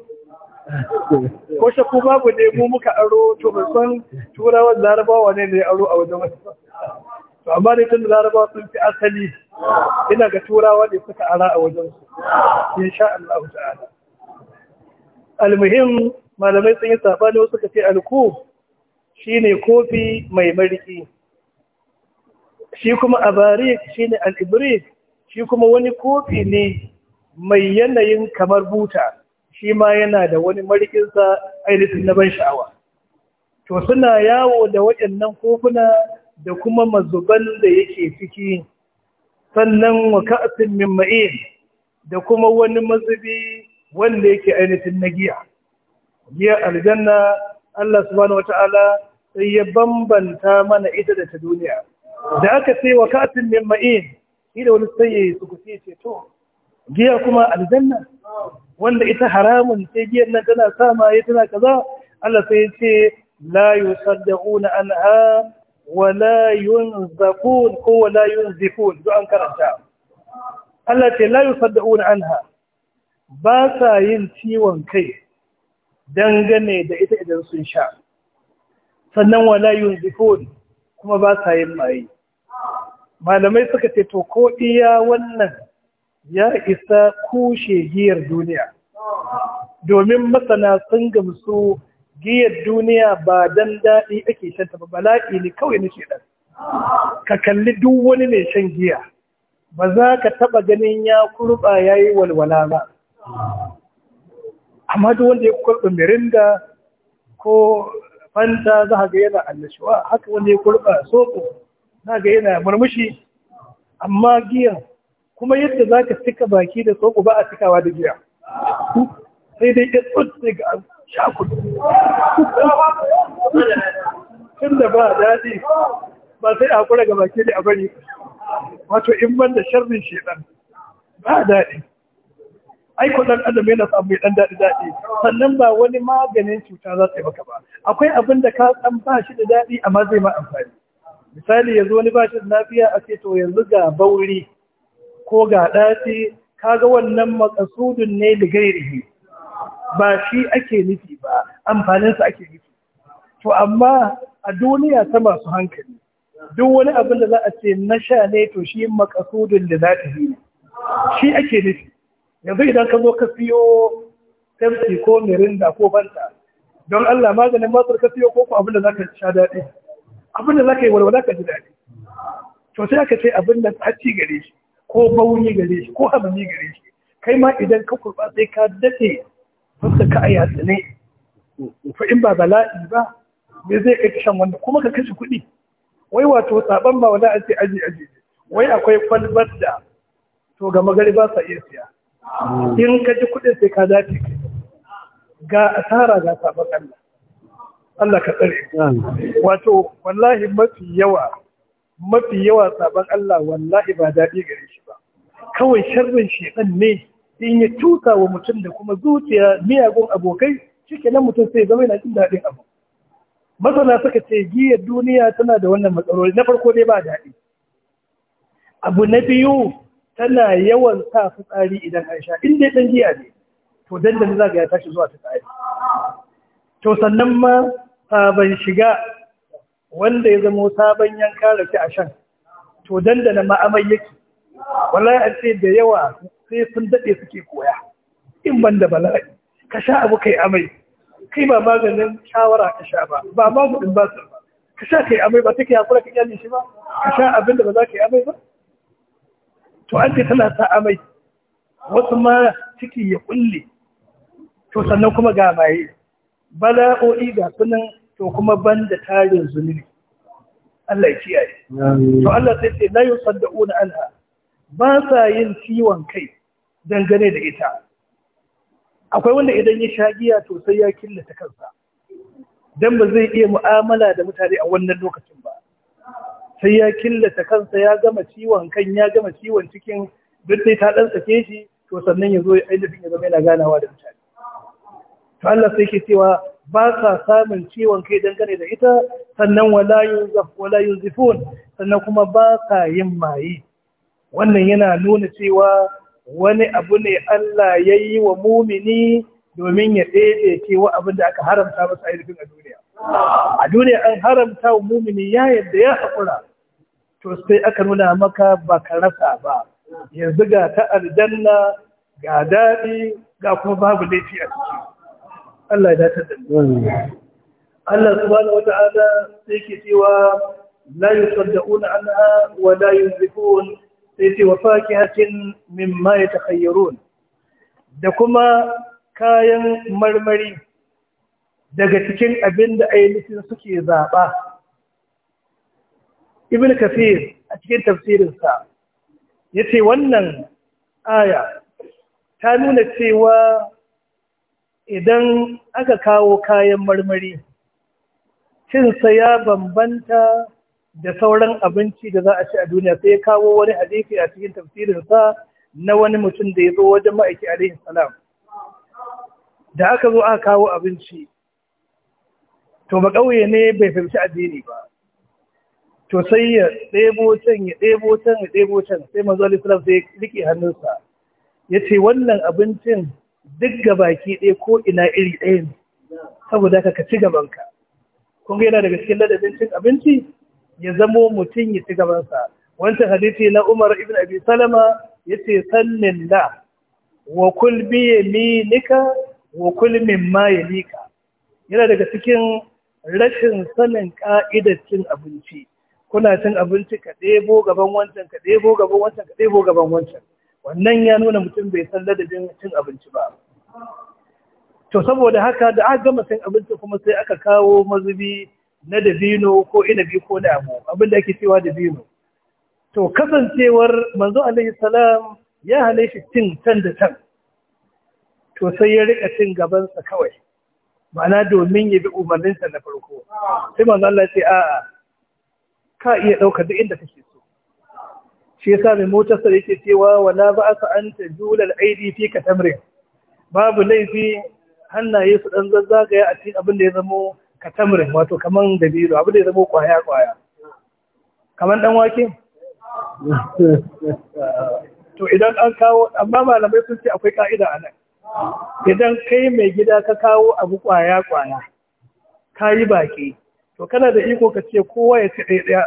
[SPEAKER 2] ko shakku babu ne mu muka aro to ban san turawan larabawa ne da ya aro a wajen wasu to amma ne tun laraba sun fi asali ina ga turawa ne suka ara a wajen su insha Allah ta'ala almuhim malamai sun yi sabani wasu kafi alku shi ne kofi mai mariki shi kuma abarik shi ne ibrik shi kuma wani kofi ne mai yanayin kamar buta shi ma yana da wani marikinsa ainihin na ban sha'awa to suna yawo da waɗannan kofuna da kuma mazuban da yake ciki sannan wa ka'asin mimma'in da kuma wani mazubi wanda yake ainihin na giya giya aljanna Allah subhanahu wata'ala sai ya bambanta mana ita da ta duniya da aka sai wa katin min ma'in shi da wani sai yayi su kuce ce to giya kuma aljanna wanda ita haramun sai giyan nan tana sa maye tana kaza Allah sai ya ce la yusaddauna anha wala yunzakun ko wala yunzifun duk an karanta Allah ce la yusaddauna anha ba sa yin ciwon kai dangane da ita idan sun sha sannan wala zikon kuma ba sa yin maye malamai suka ce to ko iya wannan ya isa kushe giyar duniya domin masana sun gamsu giyar duniya ba dan daɗi ake shan ba bala'i ne kawai na shi ka kalli duk wani mai shan giya ba za ka taɓa ganin ya kurɓa ya walwala ba amma duk wanda ya kurɓa mirinda ko fanta za ga yana annashuwa haka wanda ya kurɓa soɓo za ga yana murmushi amma giyan kuma yadda za ka cika baki da soko ba a cikawa da giya sai dai ya tsotse ga shakun tun da ba daɗi ba sai a kura ga baki da a wato in ban da sharrin shedan ba daɗi aiko dan adam yana samu mai dan daɗi daɗi sannan ba wani maganin cuta za ta yi maka ba akwai abin da ka san ba shi da daɗi amma zai ma amfani misali yanzu wani ba shi da lafiya a ce to yanzu ga bauri ko ga ɗaci kaga wannan makasudun ne da gairihi ba shi ake nufi ba amfaninsa ake nufi to amma a duniya ta masu hankali duk wani abin da za a ce na sha ne to shi makasudun da za ta yi shi ake nufi yanzu idan ka zo ka siyo pepsi ko mirinda ko banta don Allah maganin matsar ka siyo koko abin da za ka sha daɗi abin da za ka yi walwala ka ji daɗi to sai aka ce abin da hacci gare shi ko bauni gare shi ko hamami gare shi kai ma idan ka kurɓa sai ka daɗe fuska ka a yatsa ne fa in ba bala'i ba me zai kai shan wanda kuma ka kashe kuɗi wai wato tsaban ba wala sai aji aji wai akwai kwalbar da to ga magari ba sa iya siya in ka ji kuɗin sai ka dace ga asara ga sabon Allah Allah ka tsare wato wallahi mafi yawa mafi yawa sabon Allah wallahi ba daɗi gare shi ba kawai sharrin shekan ne in ya tuta wa mutum da kuma zuciya miyagun abokai cike nan mutum sai zama yana jin daɗin abu masana suka ce giyar duniya tana da wannan matsaloli na farko dai ba daɗi abu na biyu tana yawan sa fitsari idan aisha in dai dan giya ne to dandali za ga ya tashi zuwa fitsari to sannan ma sabon shiga wanda ya zama sabon yanka ke a shan to dandana ma amai yake wallahi an ce da yawa sai sun daɗe suke koya in ban da bala'i ka sha abu kai amai kai ba maganin shawara ka sha ba ba maganin basir ba ka sha kai amai ba take hakura ka kyale shi ba ka sha abin da ba za ka yi amai ba to an ce tana sa amai wasu ma ciki ya kulle to sannan kuma ga maye bala'o'i ga sunan to kuma ban banda tarin zunubi Allah ya kiyaye to Allah sai ce la yusaddauna anha ba sa yin ciwon kai dangane da ita akwai wanda idan ya sha giya to sai ya killata kansa dan ba zai iya mu'amala da mutane a wannan lokacin ba sai ya killata kansa ya gama ciwon kan ya gama ciwon cikin duk dai ta dan sake shi to sannan ya zo ya ainihin ya zama yana ganawa da mutane to Allah sai ke cewa ba ka samun ciwon kai dangane da ita sannan wala yuzaf wala yuzifun sannan kuma ba ka yin mayi wannan yana nuna cewa wani abu ne Allah ya yi wa mumini domin ya ɗaiɗe cewa abin da aka haramta masa ainihin a duniya a duniya an haramta wa mumini ya yadda ya haƙura to sai aka nuna maka ba ka rasa ba yanzu ga ta aljanna ga daɗi ga kuma babu laifi a ciki Allah ya dace da Allah subhanahu wata'ala sai ke cewa la yusaddauna anha wa la yunzifun sai ce wa fakihatin mimma yatakhayyarun da kuma kayan marmari daga cikin abin da ainihin suke zaɓa ibn kafir a cikin tafsirinsa ya ce wannan aya ta nuna cewa idan aka kawo kayan marmari cinsa ya bambanta da sauran abinci da za a ci a duniya sai ya kawo wani hadisi a cikin tafsirinsa na wani mutum da ya zo wajen ma'aiki alaihi salam da aka zo aka kawo abinci to ba ƙauye ne bai fahimci addini ba to sai ya ɗebo can ya ɗebo can ya ɗebo can sai manzo alaihi salam sai rike hannunsa ya ce wannan abincin duk ga baki ɗaya ko ina iri ɗaya ne saboda ka ka ci gabanka kun ga yana daga cikin ladabin cin abinci ya zamo mutum ya ci gabansa wancan hadisi na Umar ibn Abi Salama ya ce, sannin da wa kul bi yaminika wa kul mimma yalika yana daga cikin rashin sanin ka'idar cin abinci kuna cin abinci ka ɗebo gaban wancan ka ɗebo gaban wancan ka ɗebo gaban wancan wannan ya nuna mutum bai san ladabin cin abinci ba to saboda haka da aka gama cin abinci kuma sai aka kawo mazubi na dabino ko inabi ko da abu abin da ake cewa dabino to kasancewar manzo alaihi salam ya hane cin can da can to sai ya rika cin gabansa kawai ma'ana domin ya bi umarninsa na farko sai manzo Allah ya ce a'a ka iya ɗaukar da inda kake so shi yasa mai motar sa yake cewa wala ba aka an ta julal aidi fi ka tamrin babu laifi hannaye su dan zazzagaya a cikin abin da ya zamo ka tamrin wato kaman dabiru, abin da ya zamo kwaya kwaya kaman dan wake to idan an kawo amma malamai sun ce akwai ka'ida a nan idan kai mai gida ka kawo abu kwaya kwaya ka yi baki to kana da iko ka ce kowa ya ci ɗaya ɗaya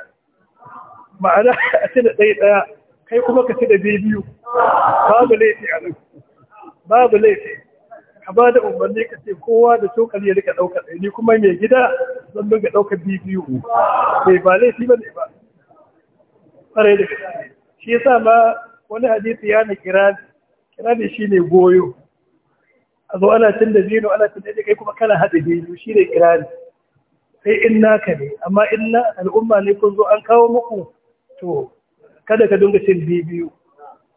[SPEAKER 2] ma'ana a ci da ɗaya ɗaya kai kuma ka ci da biyu biyu babu laifi a nan babu laifi ka ba da umarni ka ce kowa da cokali ya rika ɗaukar ɗaya ni kuma mai gida zan dinga ɗaukar biyu biyu bai eh, ba laifi ba ne ba ƙwarai da gaske shi yasa ma wani hadisi ya na kirani kirani shine goyo a zo ana cin da zino ana cin da kai kuma kana haɗa biyu ne kirani sai in naka ne amma illa al'umma ne kun zo an kawo muku to kada ka dinga cin biyu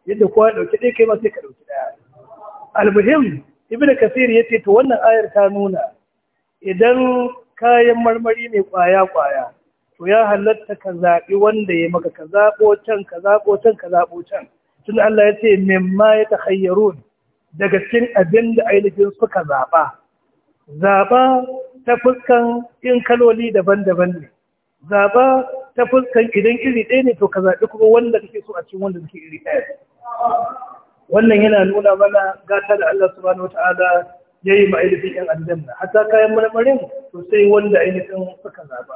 [SPEAKER 2] yadda kowa ya dauki ɗaya kai ma sai ka dauki ɗaya almuhim ibnu kasir yace to wannan ayar ta nuna idan kayan marmari ne kwaya kwaya to ya halatta ka zaɓi wanda ya maka ka zaɓo can ka zaɓo can ka zaɓo can tun Allah ya ce mimma ya takhayyarun daga cikin abin da ainihin suka zaɓa zaba ta fuskan in kaloli daban-daban ne zaba ta fuskan idan iri ɗaya ne to ka zaɓi kuma wanda kake so a cikin wanda kake iri ɗaya wannan yana nuna mana gata da Allah subhanahu wata'ala ya yi ma'aikatan yan aljanna hata kayan marmarin to sai wanda ainihin suka zaba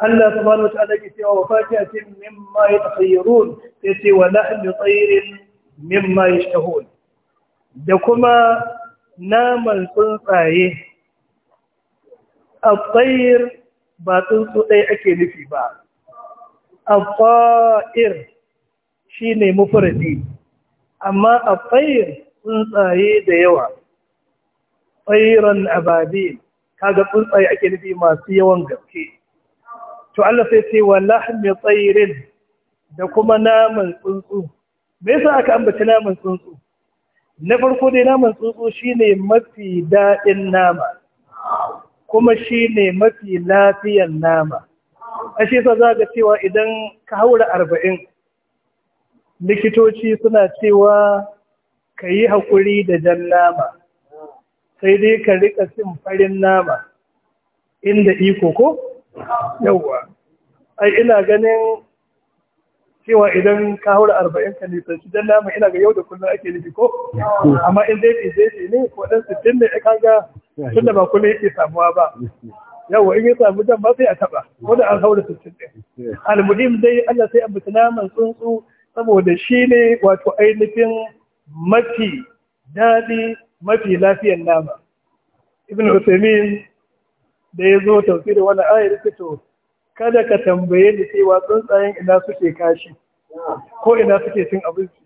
[SPEAKER 2] Allah subhanahu wata'ala ke cewa wa fatiha ce mimma yatakayyarun sai ce wa lahmi tsairin mimma yashtahun da kuma naman tsuntsaye Abbair ba tsuntsu ɗaya ake nufi ba. Abbair shi ne amma abbair tsuntsaye da yawa. Tsairan ababil, kaga tsuntsaye ake nufi masu yawan gaske. To Allah sai ce wa lahmi da kuma naman tsuntsu. Me yasa aka ambaci naman tsuntsu? Na farko dai naman tsuntsu shine mafi daɗin nama. kuma shi ne mafi lafiyan nama a shi sa za ga cewa idan ka haura arba'in likitoci suna cewa ka yi haƙuri da jan nama sai dai ka riƙa cin farin nama inda iko ko yauwa ai ina ganin cewa idan ka haura arba'in ka nisanci jan nama ina ga yau da kullum ake nufi ko amma in zai fi zai ne ko ɗan sittin ne ya ga? tunda ba kullum yake samuwa ba yawa in ya samu jan ba sai a taba ko da an haura al din almuhim dai Allah sai abu naman tsuntsu saboda shi ne wato ainihin mafi daɗi mafi lafiyar nama ibn Uthaymeen da ya zo tafsirin wani ayar fito kada ka tambaye ni cewa tsuntsayen ina suke kashi ko ina suke cin abinci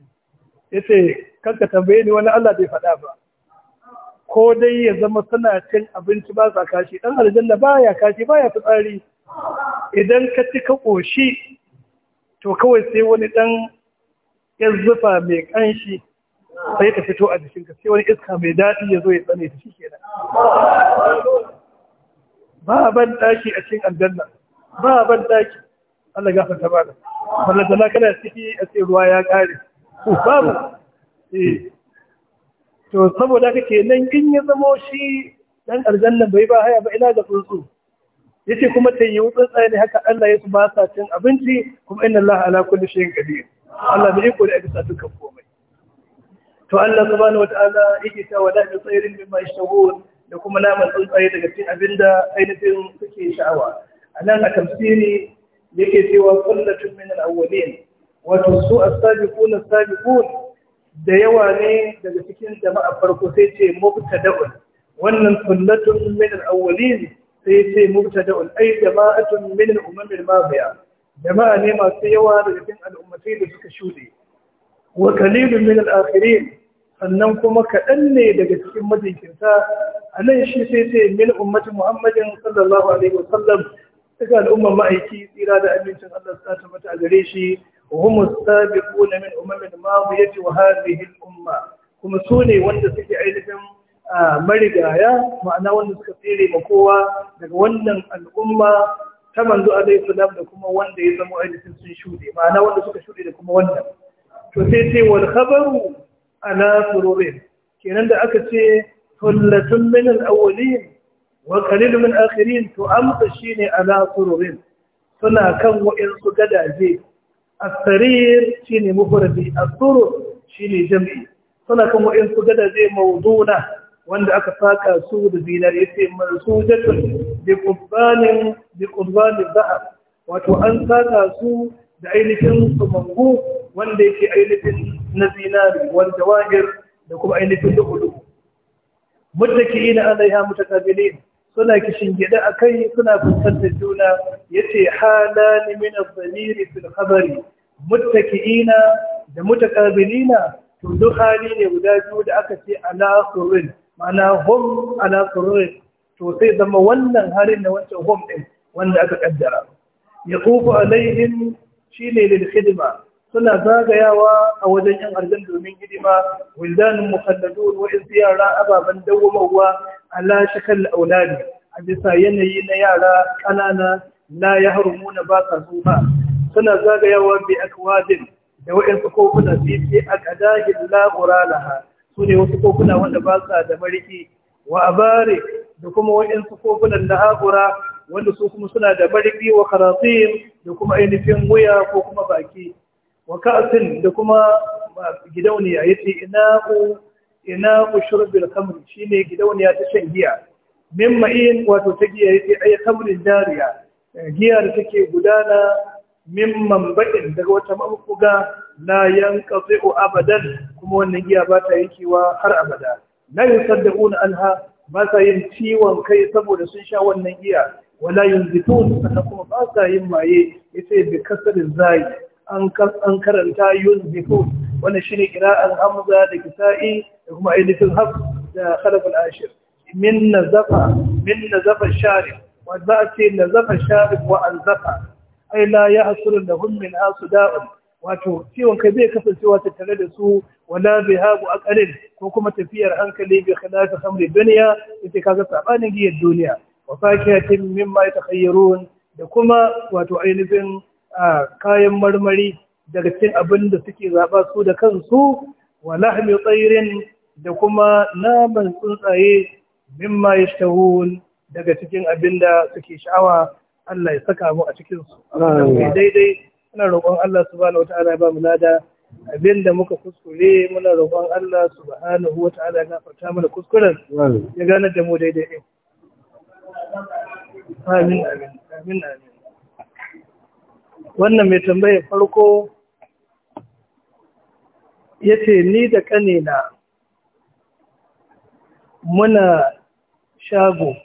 [SPEAKER 2] yace kan ka tambaye ni wani Allah bai faɗa ba ko dai ya zama suna cin abinci ba sa kashi dan aljanna ba ya kashi ba ya fitsari idan ka ci ka koshi to kawai sai wani dan yazzufa mai kanshi sai ta fito a ka sai wani iska mai daɗi ya zo ya tsane ta shi kenan ba ban daki a cikin aljanna ba ban daki Allah ya ta ba Allah da kana ciki a ce ruwa ya kare babu eh to saboda ke nan in ya zamo shi dan aljanna bai ba haya ba ina da tsuntsu yace kuma ta yi tsuntsaye ne haka Allah ya ba sa cin abinci kuma inna Allah ala kulli shay'in qadir Allah bai iko da abisa duka komai to Allah subhanahu wataala yake ta wada da tsairin bima yashtahun da kuma naman tsuntsaye daga cikin abinda ainihin suke sha'awa anan a tafsiri yake cewa kullatun min al-awwalin wato su as-sabiquna as-sabiqun da yawa ne daga cikin jama'a farko sai ce da'ul, wannan sunnatun min al-awwalin sai ce mubtada'un ay jama'atun min al-umam al mabiya jama'a ne masu yawa daga cikin al'ummatai da suka shuɗe wa qalilun min al-akhirin sannan kuma kaɗan ne daga cikin majinkinta anan shi sai ce min ummati muhammadin sallallahu alaihi wasallam daga al'ummar ma'aiki tsira da amincin Allah ta mata gare shi هم السابقون من أمم الماضية وهذه الأمة هم سوني واندسك عينهم marigaya ma'ana wanda suka tsere ma kowa daga wannan al'umma ta manzo alaihi da kuma wanda ya zama ainihin sun shuɗe ma'ana wanda suka shuɗe da kuma wannan to sai ce wal khabaru ala sururin kenan da aka ce tullatun min al-awwalin min akhirin to amsa shine ala sururin suna kan wa'in su gadaje السرير شيني مفردي السرر شيني جمعي suna kan waɗansu gadaje mauduna wanda aka saka su da zinari ya masu jatun da ƙurbanin da wato an saka su da ainihin sumangu wanda yake ainihin na zinari wanda wahir da kuma ainihin da ulu muttaki ina ana yi ha mutakabili suna kishin gida a kai suna fuskantar juna ya ce halali min zamiri fil khabari muttaki'ina da mutakabilina to duk hali ne guda biyu da aka ce ala surin ma'ana hum ala surin to sai zama wannan halin na wancan hum din wanda aka kaddara ya tsufa alaihim shine lil khidma suna zagayawa a wajen yan aljan domin hidima wildanun mukhalladun wa isu yara ababen dawwamawa a shakal auladi a bisa yanayi na yara ƙanana la ya na ba sa zuba suna zagayawa bi akwadin da wa'in su kofuna fifi a ƙadahin la'ura laha su ne wasu kofuna wanda ba sa da mariki wa abare da kuma wa'in su kofunan la'ura wanda su kuma suna da mariki wa karatun da kuma ainihin wuya ko kuma baki wa ka'asin da kuma gidauniya ya ina ku ina shurbil khamr shine gidauniya ta shan giya min ma'in wato ta giya ya ce ay khamrin jariya eh, giya da take gudana min mambadin daga wata mabuga la yanqati'u abadan kuma wannan giya ba ta yankewa har abada la yusaddauna anha ba sa yin ciwon kai saboda sun sha wannan giya wala yunzitun sannan kuma ba sa yin maye yace bi kasarin zai an karanta yunzifu wanda shine kira'ar hamza da kisa'i da kuma ainihin haf da khalaf al-ashir min nazafa min nazafa sharif wa za ce nazafa sharif wa anzafa ai la yahsul lahum min asda'un wato ciwon kai bai kasancewa tattare da su wala bihabu aqalin ko kuma tafiyar hankali bi khilafi khamri dunya ita kaga sabanin giyar duniya wa fakihatin mimma yatakhayyarun da kuma wato ainihin A kayan marmari daga cin abin da suke zaɓa su da kansu wa lahmi tsairin da kuma naman tsuntsaye mimma shahun daga cikin abin da suke sha'awa Allah ya saka mu a cikin su daidai muna roƙon Allah subhanahu wataala ya ba mu lada abin da muka kuskure muna roƙon Allah subhanahu wataala ya gafarta mana kuskuren ya gane da mu daidai
[SPEAKER 1] amin amin amin amin
[SPEAKER 2] wannan mai tambaya farko ya ce ni da ƙanina muna shago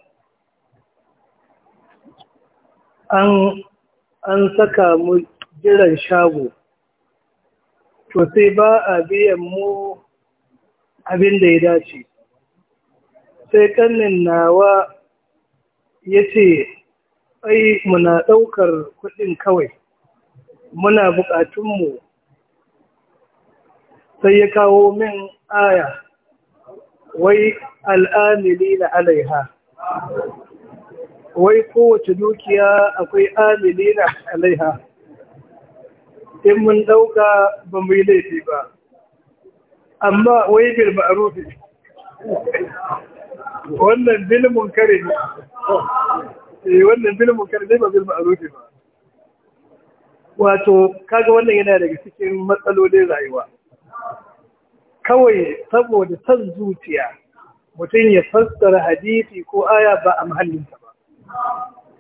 [SPEAKER 2] an saka mu jiran shago to sai ba a biyan mu abin da ya dace sai ƙanin nawa ya ce ai muna ɗaukar kuɗin kawai muna buƙatunmu sai ya kawo min aya wai al'amili na alaiha wai kowace dukiya akwai amili na alaiha in mun ɗauka ba mu yi laifi ba amma wai bil rufe. wannan bil munkari ne eh, wannan bil munkari ne ba bil rufe ba wato kaga wannan yana daga cikin matsalolin rayuwa kawai saboda san zuciya mutum ya fassara hadisi ko aya ba a muhallinta ba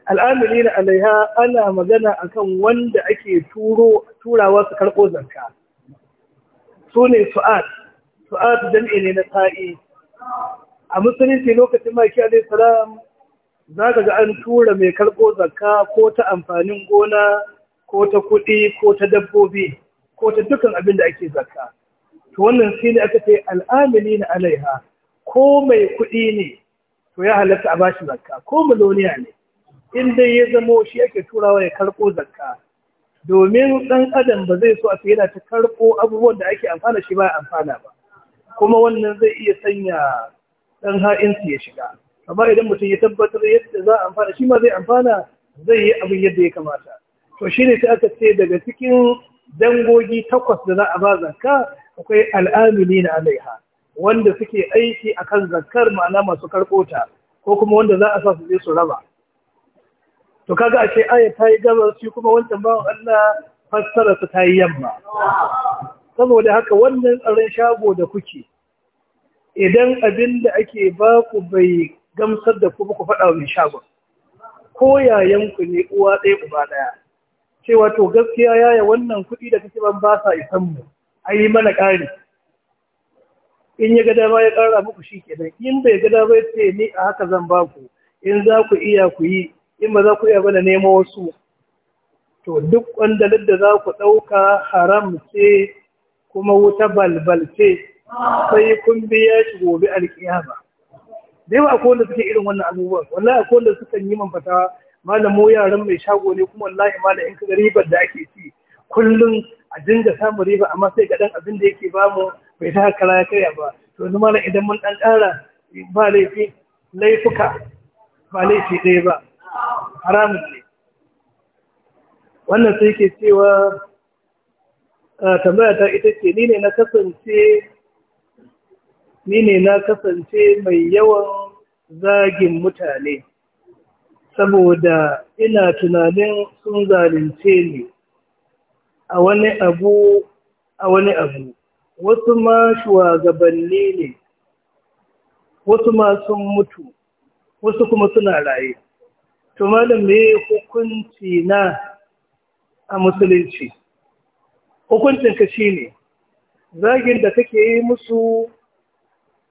[SPEAKER 2] al'amili na alaiha ana magana akan wanda ake turawa su karɓo zarka su ne su'ad su'ad jam'i ne na sa'i a musulunci lokacin maki alaihi salam za ga an tura mai karɓo zakka ko ta amfanin gona ko ta kuɗi ko ta dabbobi ko ta dukkan abin da ake zakka to wannan sai ne aka ce al'amili na alaiha ko mai kuɗi ne to ya halatta a bashi zakka ko miloniya ne in dai ya zamo shi ake turawa ya karɓo zakka domin ɗan adam ba zai so a yana ta karɓo abubuwan da ake amfana shi ba ya amfana ba kuma wannan zai iya sanya ɗan ha'insu ya shiga amma idan mutum ya tabbatar yadda za a amfana shi ma zai amfana zai yi abin yadda ya kamata to shi ne ta aka ce daga cikin dangogi takwas da za a ba zakka akwai al'amili na alaiha wanda suke aiki a kan zakkar ma'ana masu karɓo ko kuma wanda za a sa su je su raba to kaga ce aya ta yi gaba shi kuma wancan bawan Allah fassara su ta yi yamma saboda haka wannan tsarin shago da kuke idan abin da ake ba ku bai gamsar da ku ku faɗa wa mai shagon ko yayanku ne uwa ɗaya uba ɗaya cewa to gaskiya ya yaya wannan kuɗi da kake ban ba sa isan mu yi mana ƙari in ya ga dama ya ƙara muku shi kenan in bai gada ba ya ni a haka zan ba ku in za ku iya ku yi in ba za ku iya bana nemo wasu to duk wanda da za ku ɗauka haram ce kuma wuta balbal ce sai kun biya shi gobe alƙiyama da yawa akwai wanda suke irin wannan abubuwan wallahi akwai wanda sukan yi man fata. malamu yaran mai shago ne kuma wallahi malam in kaga ribar da ake ci kullum a dinga samun riba amma sai ga dan abin da yake bamu bai ta hakala ya kai ba to yanzu malam idan mun dan ƙara ba laifi laifuka ba laifi ɗaya ba haramun ne wannan sai ke cewa eh, tambaya ta ita ce ni ne na kasance ni ne na kasance mai yawan zagin mutane saboda ina tunanin sun zalunce ni a wani abu a wani abu wasu ma shugabanni ne wasu ma sun mutu wasu kuma suna raye to malam me hukunci na a musulunci Hukuncin ka shine zagin da kake yi musu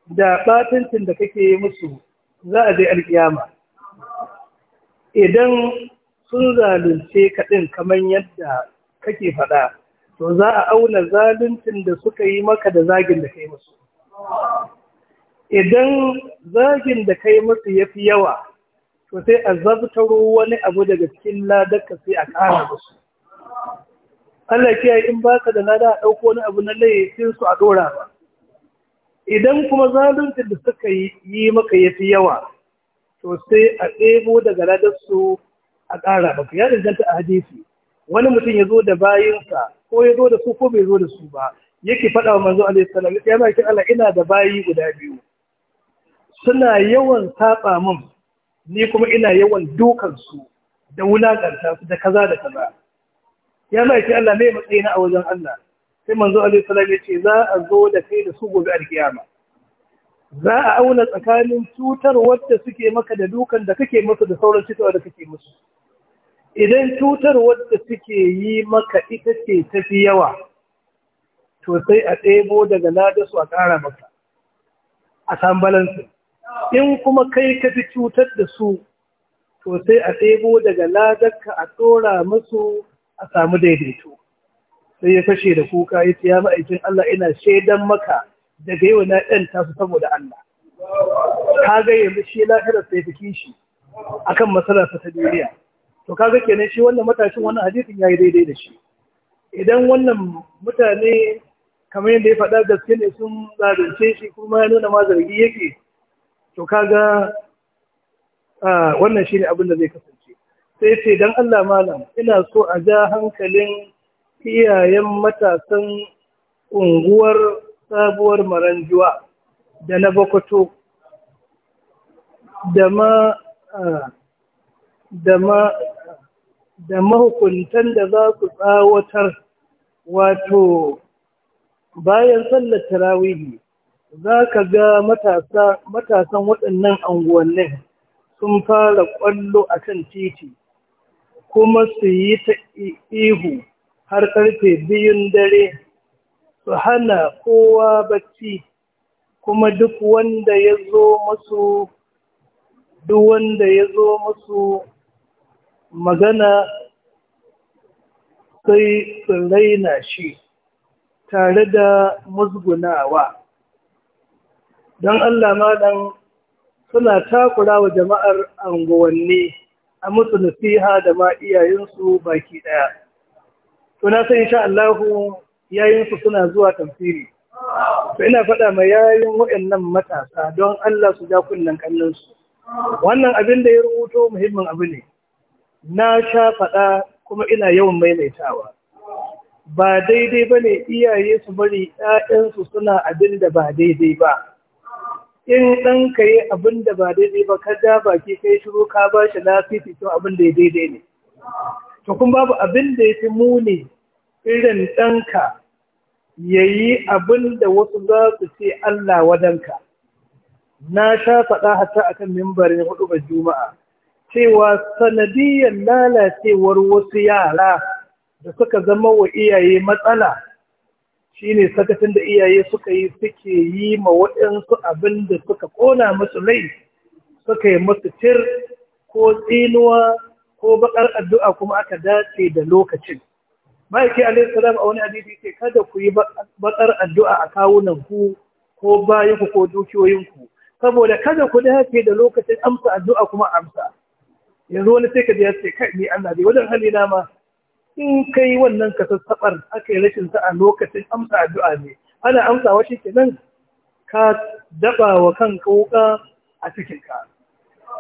[SPEAKER 2] da batuncin da kake yi musu za a je alkiyama idan sun zalunce kaɗin kamar yadda kake faɗa to za a auna zaluncin da suka yi maka da zagin da kai musu idan zagin da kai musu ya fi yawa to sai a zabtaro wani abu daga cikin ladarka sai a ƙara musu Allah kiyaye in baka da lada a ɗauko wani abu na laifin su a ɗora ba idan kuma zaluncin da suka yi maka ya fi yawa to sai a ɗebo daga ladarsu a ƙara ba, ya danganta a hadisi wani mutum ya zo da bayinsa ko ya zo da su ko bai zo da su ba yake faɗa wa manzo alaihi salam ya maki Allah ina da bayi guda biyu suna yawan saba mun ni kuma ina yawan dukansu su da wulaƙanta su da kaza da kaza ya maki Allah mai matsayina a wajen Allah sai manzo alaihi salam ya ce za a zo da kai da su gobe alkiyama za a auna tsakanin cutar wadda suke maka da dukan da kake musu da sauran cutarwa da kake musu idan cutar wadda suke yi maka ita ce tafi yawa to sai a tsebo daga ladasu a ƙara maka a san in kuma kai ka fi cutar da su to sai a tsebo daga ladarka a tsora masu a samu daidaito sai ya fashe da kuka ya ce ya ma'aikin Allah ina shaidan maka daga yau na ɗan tasu saboda Allah ka ga yanzu shi lafiyar sai fikin shi kan masararsa ta duniya to ka ga kenan shi wannan matashin wannan hadisin yi daidai da shi idan wannan mutane kamar yadda ya faɗa gaske ne sun zalunce shi kuma ya nuna ma zargi yake to ka ga wannan shi ne abin da zai kasance sai ce don Allah malam ina so a ja hankalin iyayen matasan unguwar sabuwar maranjuwa da na bakwato da ma da da mahukuntan da za su tsawatar wato bayan sallar tarawihi za ka ga matasan waɗannan anguwannin sun fara ƙwallo a kan titi kuma su yi ta ihu har ƙarfe biyun dare su hana kowa bacci kuma duk wanda ya zo musu duk wanda ya zo musu magana sai su raina shi tare da musgunawa don Allah maɗan suna takura wa jama'ar anguwanni a musu nasiha da ma iyayensu baki ɗaya. Tuna sai insha Allahu yayinsu suna zuwa tafsiri to ina faɗa ma yayin waɗannan matasa don Allah su ja kunnen kallonsu wannan abin da ya rubuto muhimmin abu ne na sha faɗa kuma ina yawan maimaitawa ba daidai ba ne iyaye su bari ‘ya'yansu suna abin da ba daidai ba in ka yi abin da ba daidai ba ka ja baki kai shiru ka ba shi lafifi fito abin da ya daidai ne to kuma babu abin da ya fi muni irin ɗanka ya yi abin da wasu za su ce Allah wadanka. Na sha faɗa hata a kan mimbarin hudu ba juma'a, cewa sanadiyar lalacewar wasu yara da suka zama wa iyaye matsala shi ne sakacin da iyaye suka yi suke yi ma waɗansu abin da suka ƙona musu lai suka yi musu tir ko tsinuwa ko baƙar addu'a kuma aka dace da lokacin. Maiki Alayhi salam a wani hadisi ce kada ku yi batsar addu'a a kawunan ku ko bayan ku ko dukiyoyin ku saboda kada ku dace da lokacin amsa addu'a kuma amsa yanzu wani sai ka je sai kai ni Allah dai wajen hali na ma in kai wannan ka sassabar aka yi rashin sa a lokacin amsa addu'a ne ana amsawa shi kenan ka daba wa kanka wuka a cikin ka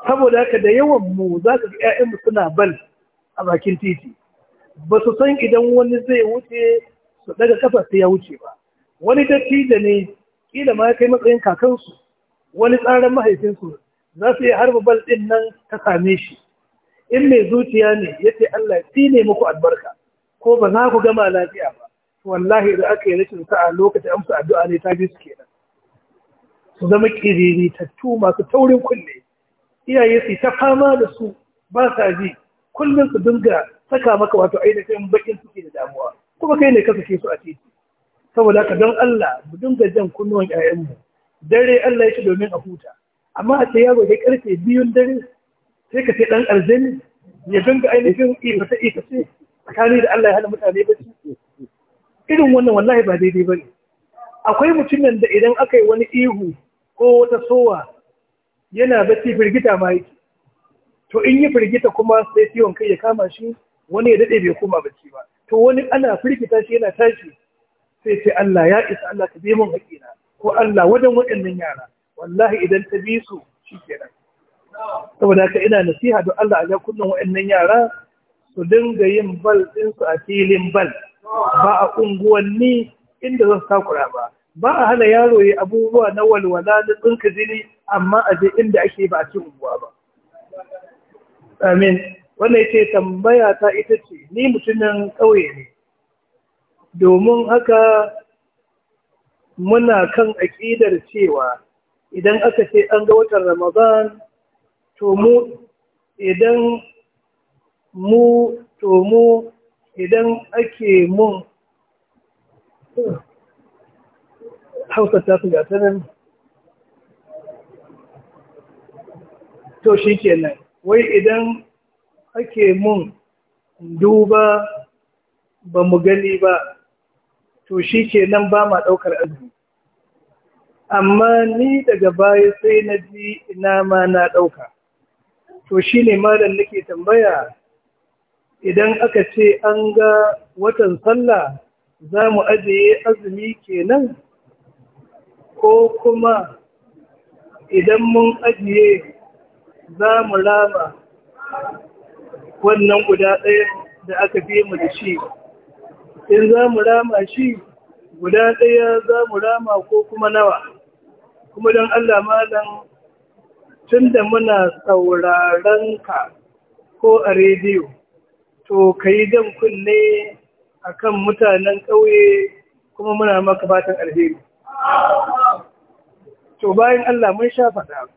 [SPEAKER 2] saboda haka da yawan mu za ka ga mu suna bal a bakin titi ba su san idan wani zai wuce su daga kafa sai ya wuce ba wani datti da ne kila ma kai matsayin kakansu wani tsarin mahaifinsu za su yi harba bal ɗin nan ta same shi in mai zuciya ne ya ce Allah fi ne muku albarka ko ba za ku gama lafiya ba wallahi da aka yi rashin sa'a lokacin amsa addu'a ne ta bisu kenan su zama kiriri tattu masu taurin kulle. iyaye su ta fama da su ba sa ji kullum su dinga saka maka wato ainihin bakin suke da damuwa kuma kai ne ka ke su a titi saboda haka don Allah mu dinga jan kunnuwan ƴaƴanmu dare Allah yake domin a huta amma a ce yaro sai karfe biyun dare sai ka ce dan arzini ya dinga ainihin ifata ce tsakani da Allah ya hana mutane bacci irin wannan wallahi ba daidai bane akwai mutumin da idan aka yi wani ihu ko wata sowa yana bacci firgita ma yake to in yi firgita kuma sai ciwon kai ya kama shi wani ya daɗe bai koma bacci ba to wani ana firgita shi yana tashi sai ce Allah ya isa Allah ka bi mun na, ko Allah wajen waɗannan yara wallahi idan ta bi su shi shikenan saboda haka ina nasiha don Allah a ga kunnan waɗannan yara su dinga yin bal ɗinsu a filin bal ba a unguwanni inda za su takura ba ba a hana yaro ya abubuwa na walwala na tsinka jini amma a je inda ake ba a ci unguwa ba amin ya ce tambaya ta ita ce ni mutumin ƙauye ne domin haka muna kan aƙidar cewa idan aka ce an ga watan Ramadan to mu idan mu to mu idan ake mun hausa ta fi gata nan to shi kenan wai idan ake mun duba ba mu gani ba to shi ke nan ba ma ɗaukar azumi amma ni daga baya sai na ji ina ma na ɗauka to shi ne malam nake tambaya idan aka ce an ga watan sallah za mu ajiye azumi kenan ko kuma idan mun ajiye za mu lama wannan guda ɗaya da aka fi mu da shi in za mu rama shi guda ɗaya za mu rama ko kuma nawa kuma don Allah malam tun da muna saurarenka ka ko a rediyo to ka yi jan kunne a kan mutanen ƙauye kuma muna maka fatan alheri to bayan Allah mun sha faɗa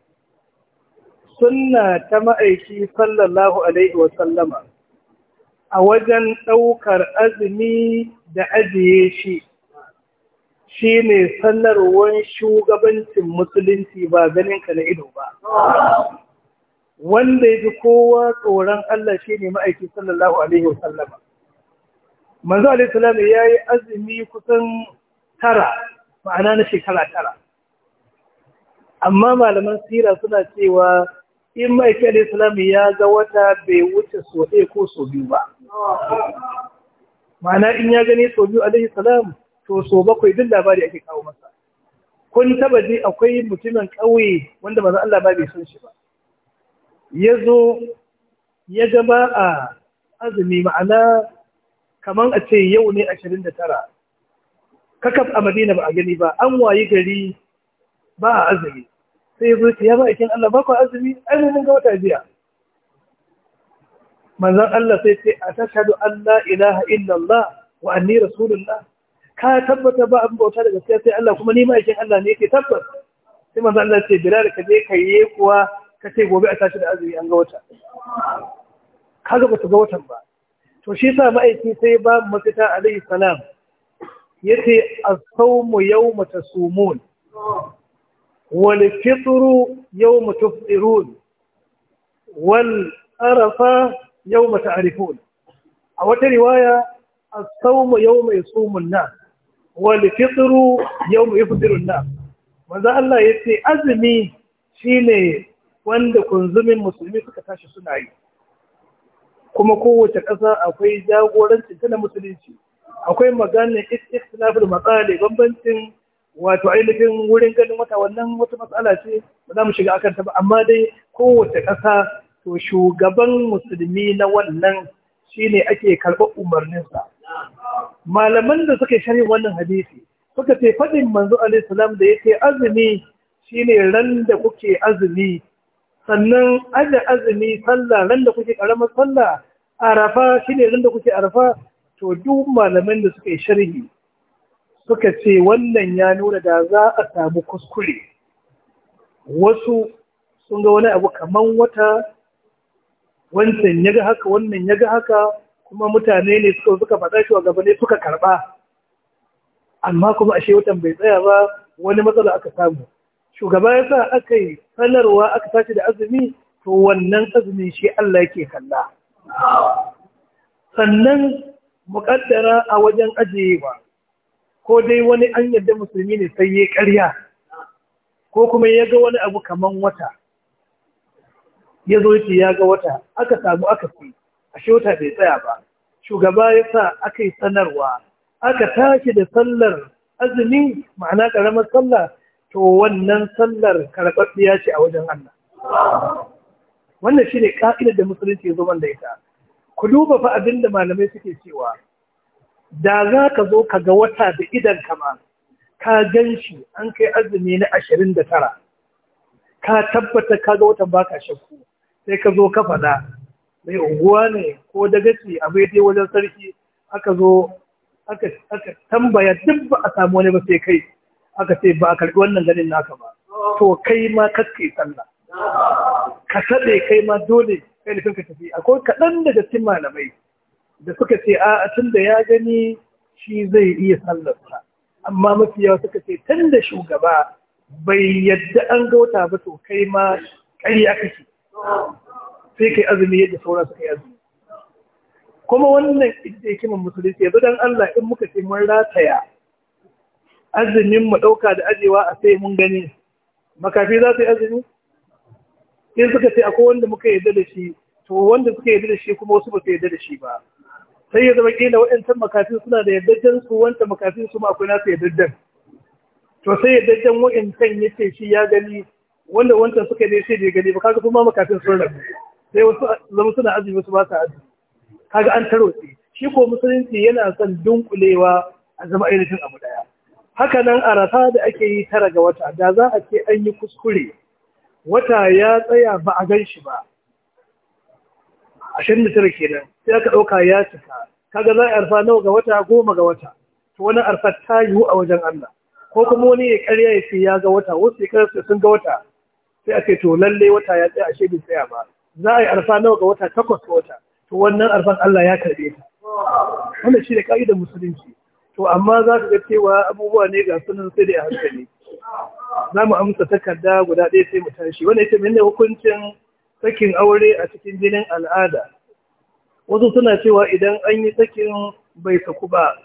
[SPEAKER 2] sunna ta ma'aiki sallallahu alaihi wasallama a wajen ɗaukar azumi da ajiye shi shi ne sanarwar shugabancin musulunci ba ganin ka na ido ba. Wanda ya ji kowa tsoron Allah shi ne ma'aiki sallallahu Alaihi wasallama. Manzo Alaihi wasallama ya yi azumi kusan tara, ma'ana na shekara tara. Amma malaman sira suna cewa in mai kyan islam ya ga wata bai wuce so ɗaya ko so biyu ba ma'ana in ya gani so biyu alaihi salam to so bakwai duk labari ake kawo masa kun taba ji akwai mutumin ƙauye wanda za Allah ba bai san shi ba ya zo ya gaba a azumi ma'ana kamar a ce yau ne ashirin da tara kakaf a madina ba a gani ba an wayi gari ba a azumi sai zo ya ba ikin Allah ba ku azumi ai ga wata jiya manzon Allah sai ce a tashhadu an la ilaha illa Allah wa anni rasulullah ka tabbata ba abin bauta da gaskiya sai Allah kuma ni ma ikin Allah ne yake tabbas sai manzon Allah ce bilal ka je ka yi kuwa ka ce gobe a tashi da azumi an ga wata kaga ba ta ga watan ba to shi sa ma'aiki sai ba mafita alaihi salam yace as-sawmu yawma tasumun والفطر يوم تفطرون A wata riwaya, أو رواية الصوم mai يصوم wal والفطر يوم يفطر الناس manzo Allah ya ce azumi shine wanda kunzumin musulmi suka tashi suna yi kuma kowace ƙasa akwai jagorancin ta musulunci akwai maganin ikhtilafin matsali bambancin wato ainihin wurin ganin wata wannan wata matsala ce ba za mu shiga akan ta ba amma dai kowace ƙasa to shugaban musulmi na wannan shine ake karɓar umarninsa malaman da suka sharhin wannan hadisi suka ce faɗin manzo alaihi salam da yake azumi shine ran da kuke azumi sannan aje azumi sallah ran da kuke karamar sallah arafa shine ran da kuke arafa to duk malaman da suka sharhi suka ce wannan ya nuna da za a samu kuskure wasu sun ga wani abu kamar wata wancan ya ga haka wannan ya ga haka kuma mutane ne suka suka faɗa shi wa gaba ne suka karɓa amma kuma ashe watan bai tsaya ba wani matsala aka samu shugaba ya sa aka yi sanarwa aka tashi da azumi to wannan azumin shi Allah yake kalla sannan muƙaddara a wajen ajiyewa ko dai wani an yadda musulmi ne sai ya karya ko kuma ya ga wani abu kamar wata ya zo yake ya ga wata aka samu aka fi a shota bai tsaya ba shugaba ya sa aka yi sanarwa aka tashi da sallar azumi ma'ana karamar sallar to wannan sallar karɓaɓɓiya ce a wajen Allah wannan shi ne ƙa'idar da musulunci ya zo da ita ku duba fa abin da malamai suke cewa da za ka zo ka ga wata da idan kama ka gan shi an kai azumi na ashirin da tara ka tabbata ka ga watan baka shakku sai ka zo ka fada mai unguwa ne ko dagaci a dai wajen sarki aka zo aka tambaya duk ba a samu wani ba sai kai aka ce ba a karbi wannan ganin naka ba to kai ma kakkai sallah ka sabe kai ma dole kai nufin ka tafi akwai kaɗan daga cikin malamai da suka ce a tun da ya gani shi zai iya sallarsa amma yawa suka ce tun da shugaba bai yadda an ga wata ba to kai ma ƙarya ce sai kai azumi yadda sauran suka yi azumi kuma wannan ita mun musulunci yanzu don Allah in muka ce mun rataya azumin mu ɗauka da ajewa a sai mun gani makafi za su yi azumi in suka ce akwai wanda muka yarda da shi to wanda suka yarda da shi kuma wasu ba su yarda da shi ba sai ya zama kila wa'ancan makafin suna da yaddajen su wanda makafin su ma akwai nasu yaddajen to sai yaddajen wa'ancan ya ce shi ya gani wanda wancan suka ne shi bai gani ba kaga kuma makafin sun rabu sai wasu zama suna azumi su ba sa azumi kaga an tarotse shi ko musulunci yana son dunkulewa a zama ainihin abu daya haka nan arafa da ake yi tara ga wata da za a ce an yi kuskure wata ya tsaya ba a gan shi ba ashirin da tara kenan sai aka ɗauka ya cika kaga za a arfa nawa ga wata goma ga wata to wani arfa ta yiwu a wajen Allah ko kuma wani ya karya ya ce ya ga wata wasu ya karya sun ga wata sai a to lalle wata ya tsaya ashe bai tsaya ba za a yi arfa nawa ga wata takwas ga wata to wannan arfan Allah ya karbe ta wannan shi da ka'idar musulunci to amma za ka ga cewa abubuwa ne ga sunan sai da ya hankali za mu amsa takarda guda ɗaya sai mu tashi wanda yake mene hukuncin sakin aure a cikin jinin al'ada wasu suna cewa idan an yi sakin bai saku ba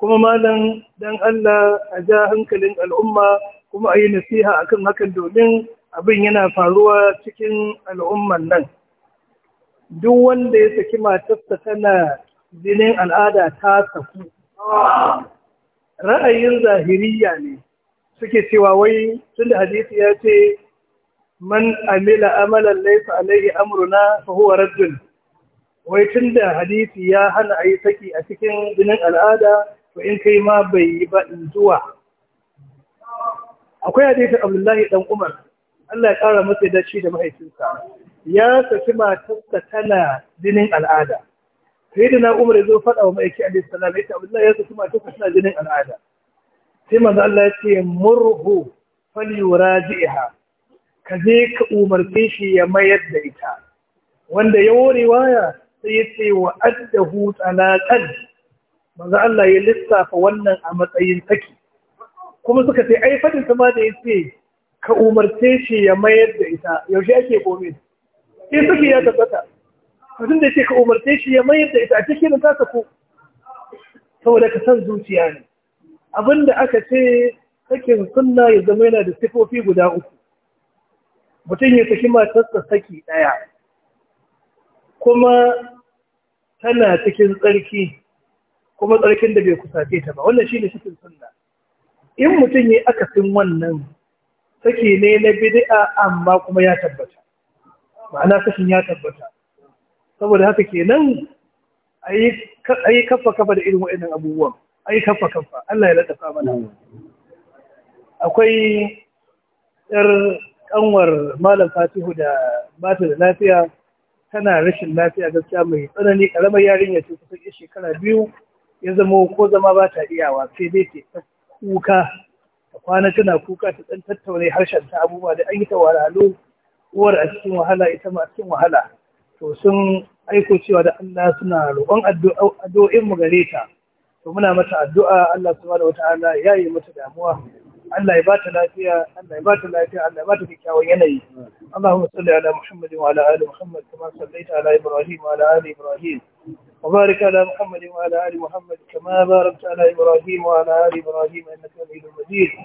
[SPEAKER 2] kuma malam dan Allah a ja hankalin al'umma kuma a yi nasiha a kan hakan domin abin yana faruwa cikin al'umman nan duk wanda ya saki matarsa tana jinin al'ada ta saku ra'ayin zahiriya ne suke cewa wai tun da hadisi ya ce man amila amalan laysa alayhi amruna fa huwa raddun wai tunda hadisi ya hana ayi saki a cikin jinin al'ada to in kai ma bai yi ba in zuwa akwai hadisi Abdullahi dan Umar Allah ya kara masa da shi da mahaifinsa ya saki matarsa tana jinin al'ada sai da na Umar ya zo fada wa maiki alayhi salam ya Abdullahi ya saki matarsa tana jinin al'ada sai manzo Allah ya ce murhu yuraji'ha ka je ka umarce shi ya mayar da ita wanda ya riwaya sai ya ce wa addahu talaqan maza Allah ya lissafa wannan a matsayin saki kuma suka ce ai fadin ma da yace ka umarce shi ya mayar da ita yaushe ake komai sai suke ya tabbata mutum da ce ka umarce shi ya mayar da ita a cikin ta ko. saboda ka san zuciya ne abinda aka ce sakin sunna ya zama yana da sifofi guda uku mutum ya saki matarsa saki ɗaya kuma tana cikin tsarki kuma tsarkin da bai kusace ta ba wannan shi ne cikin sunna in mutum ya akasin wannan saki ne na bid'a amma kuma ya tabbata ma'ana sakin ya tabbata saboda haka kenan yi kafa kafa da irin wa'in abubuwan a yi kafa kafa Allah ya ladafa mana akwai yar Anwar malam fatihu da bata da lafiya tana rashin lafiya gaskiya mai tsanani karamar yarinya ce kusan ya shekara biyu ya zama ko zama ba ta iyawa sai dai ke ta kuka a kwana tana kuka ta dan tattaune harshen ta abubuwa da an yi ta wahalhalu uwar a cikin wahala ita ma a cikin wahala to sun aiko cewa da Allah suna roƙon addu'o'in mu gare ta to muna mata addu'a Allah subhanahu wataala ya yi mata damuwa Allah ya ba ta lafiya Allah ya ba ta lafiya Allah ya ba ta kyakkyawan yanayi Allahumma salli ala Muhammad wa ala ali Muhammad kama sallaita ala Ibrahim wa ala ali Ibrahim wa barik ala Muhammad wa ala ali Muhammad kama barakta ala Ibrahim wa ala ali Ibrahim innaka Hamidum Majid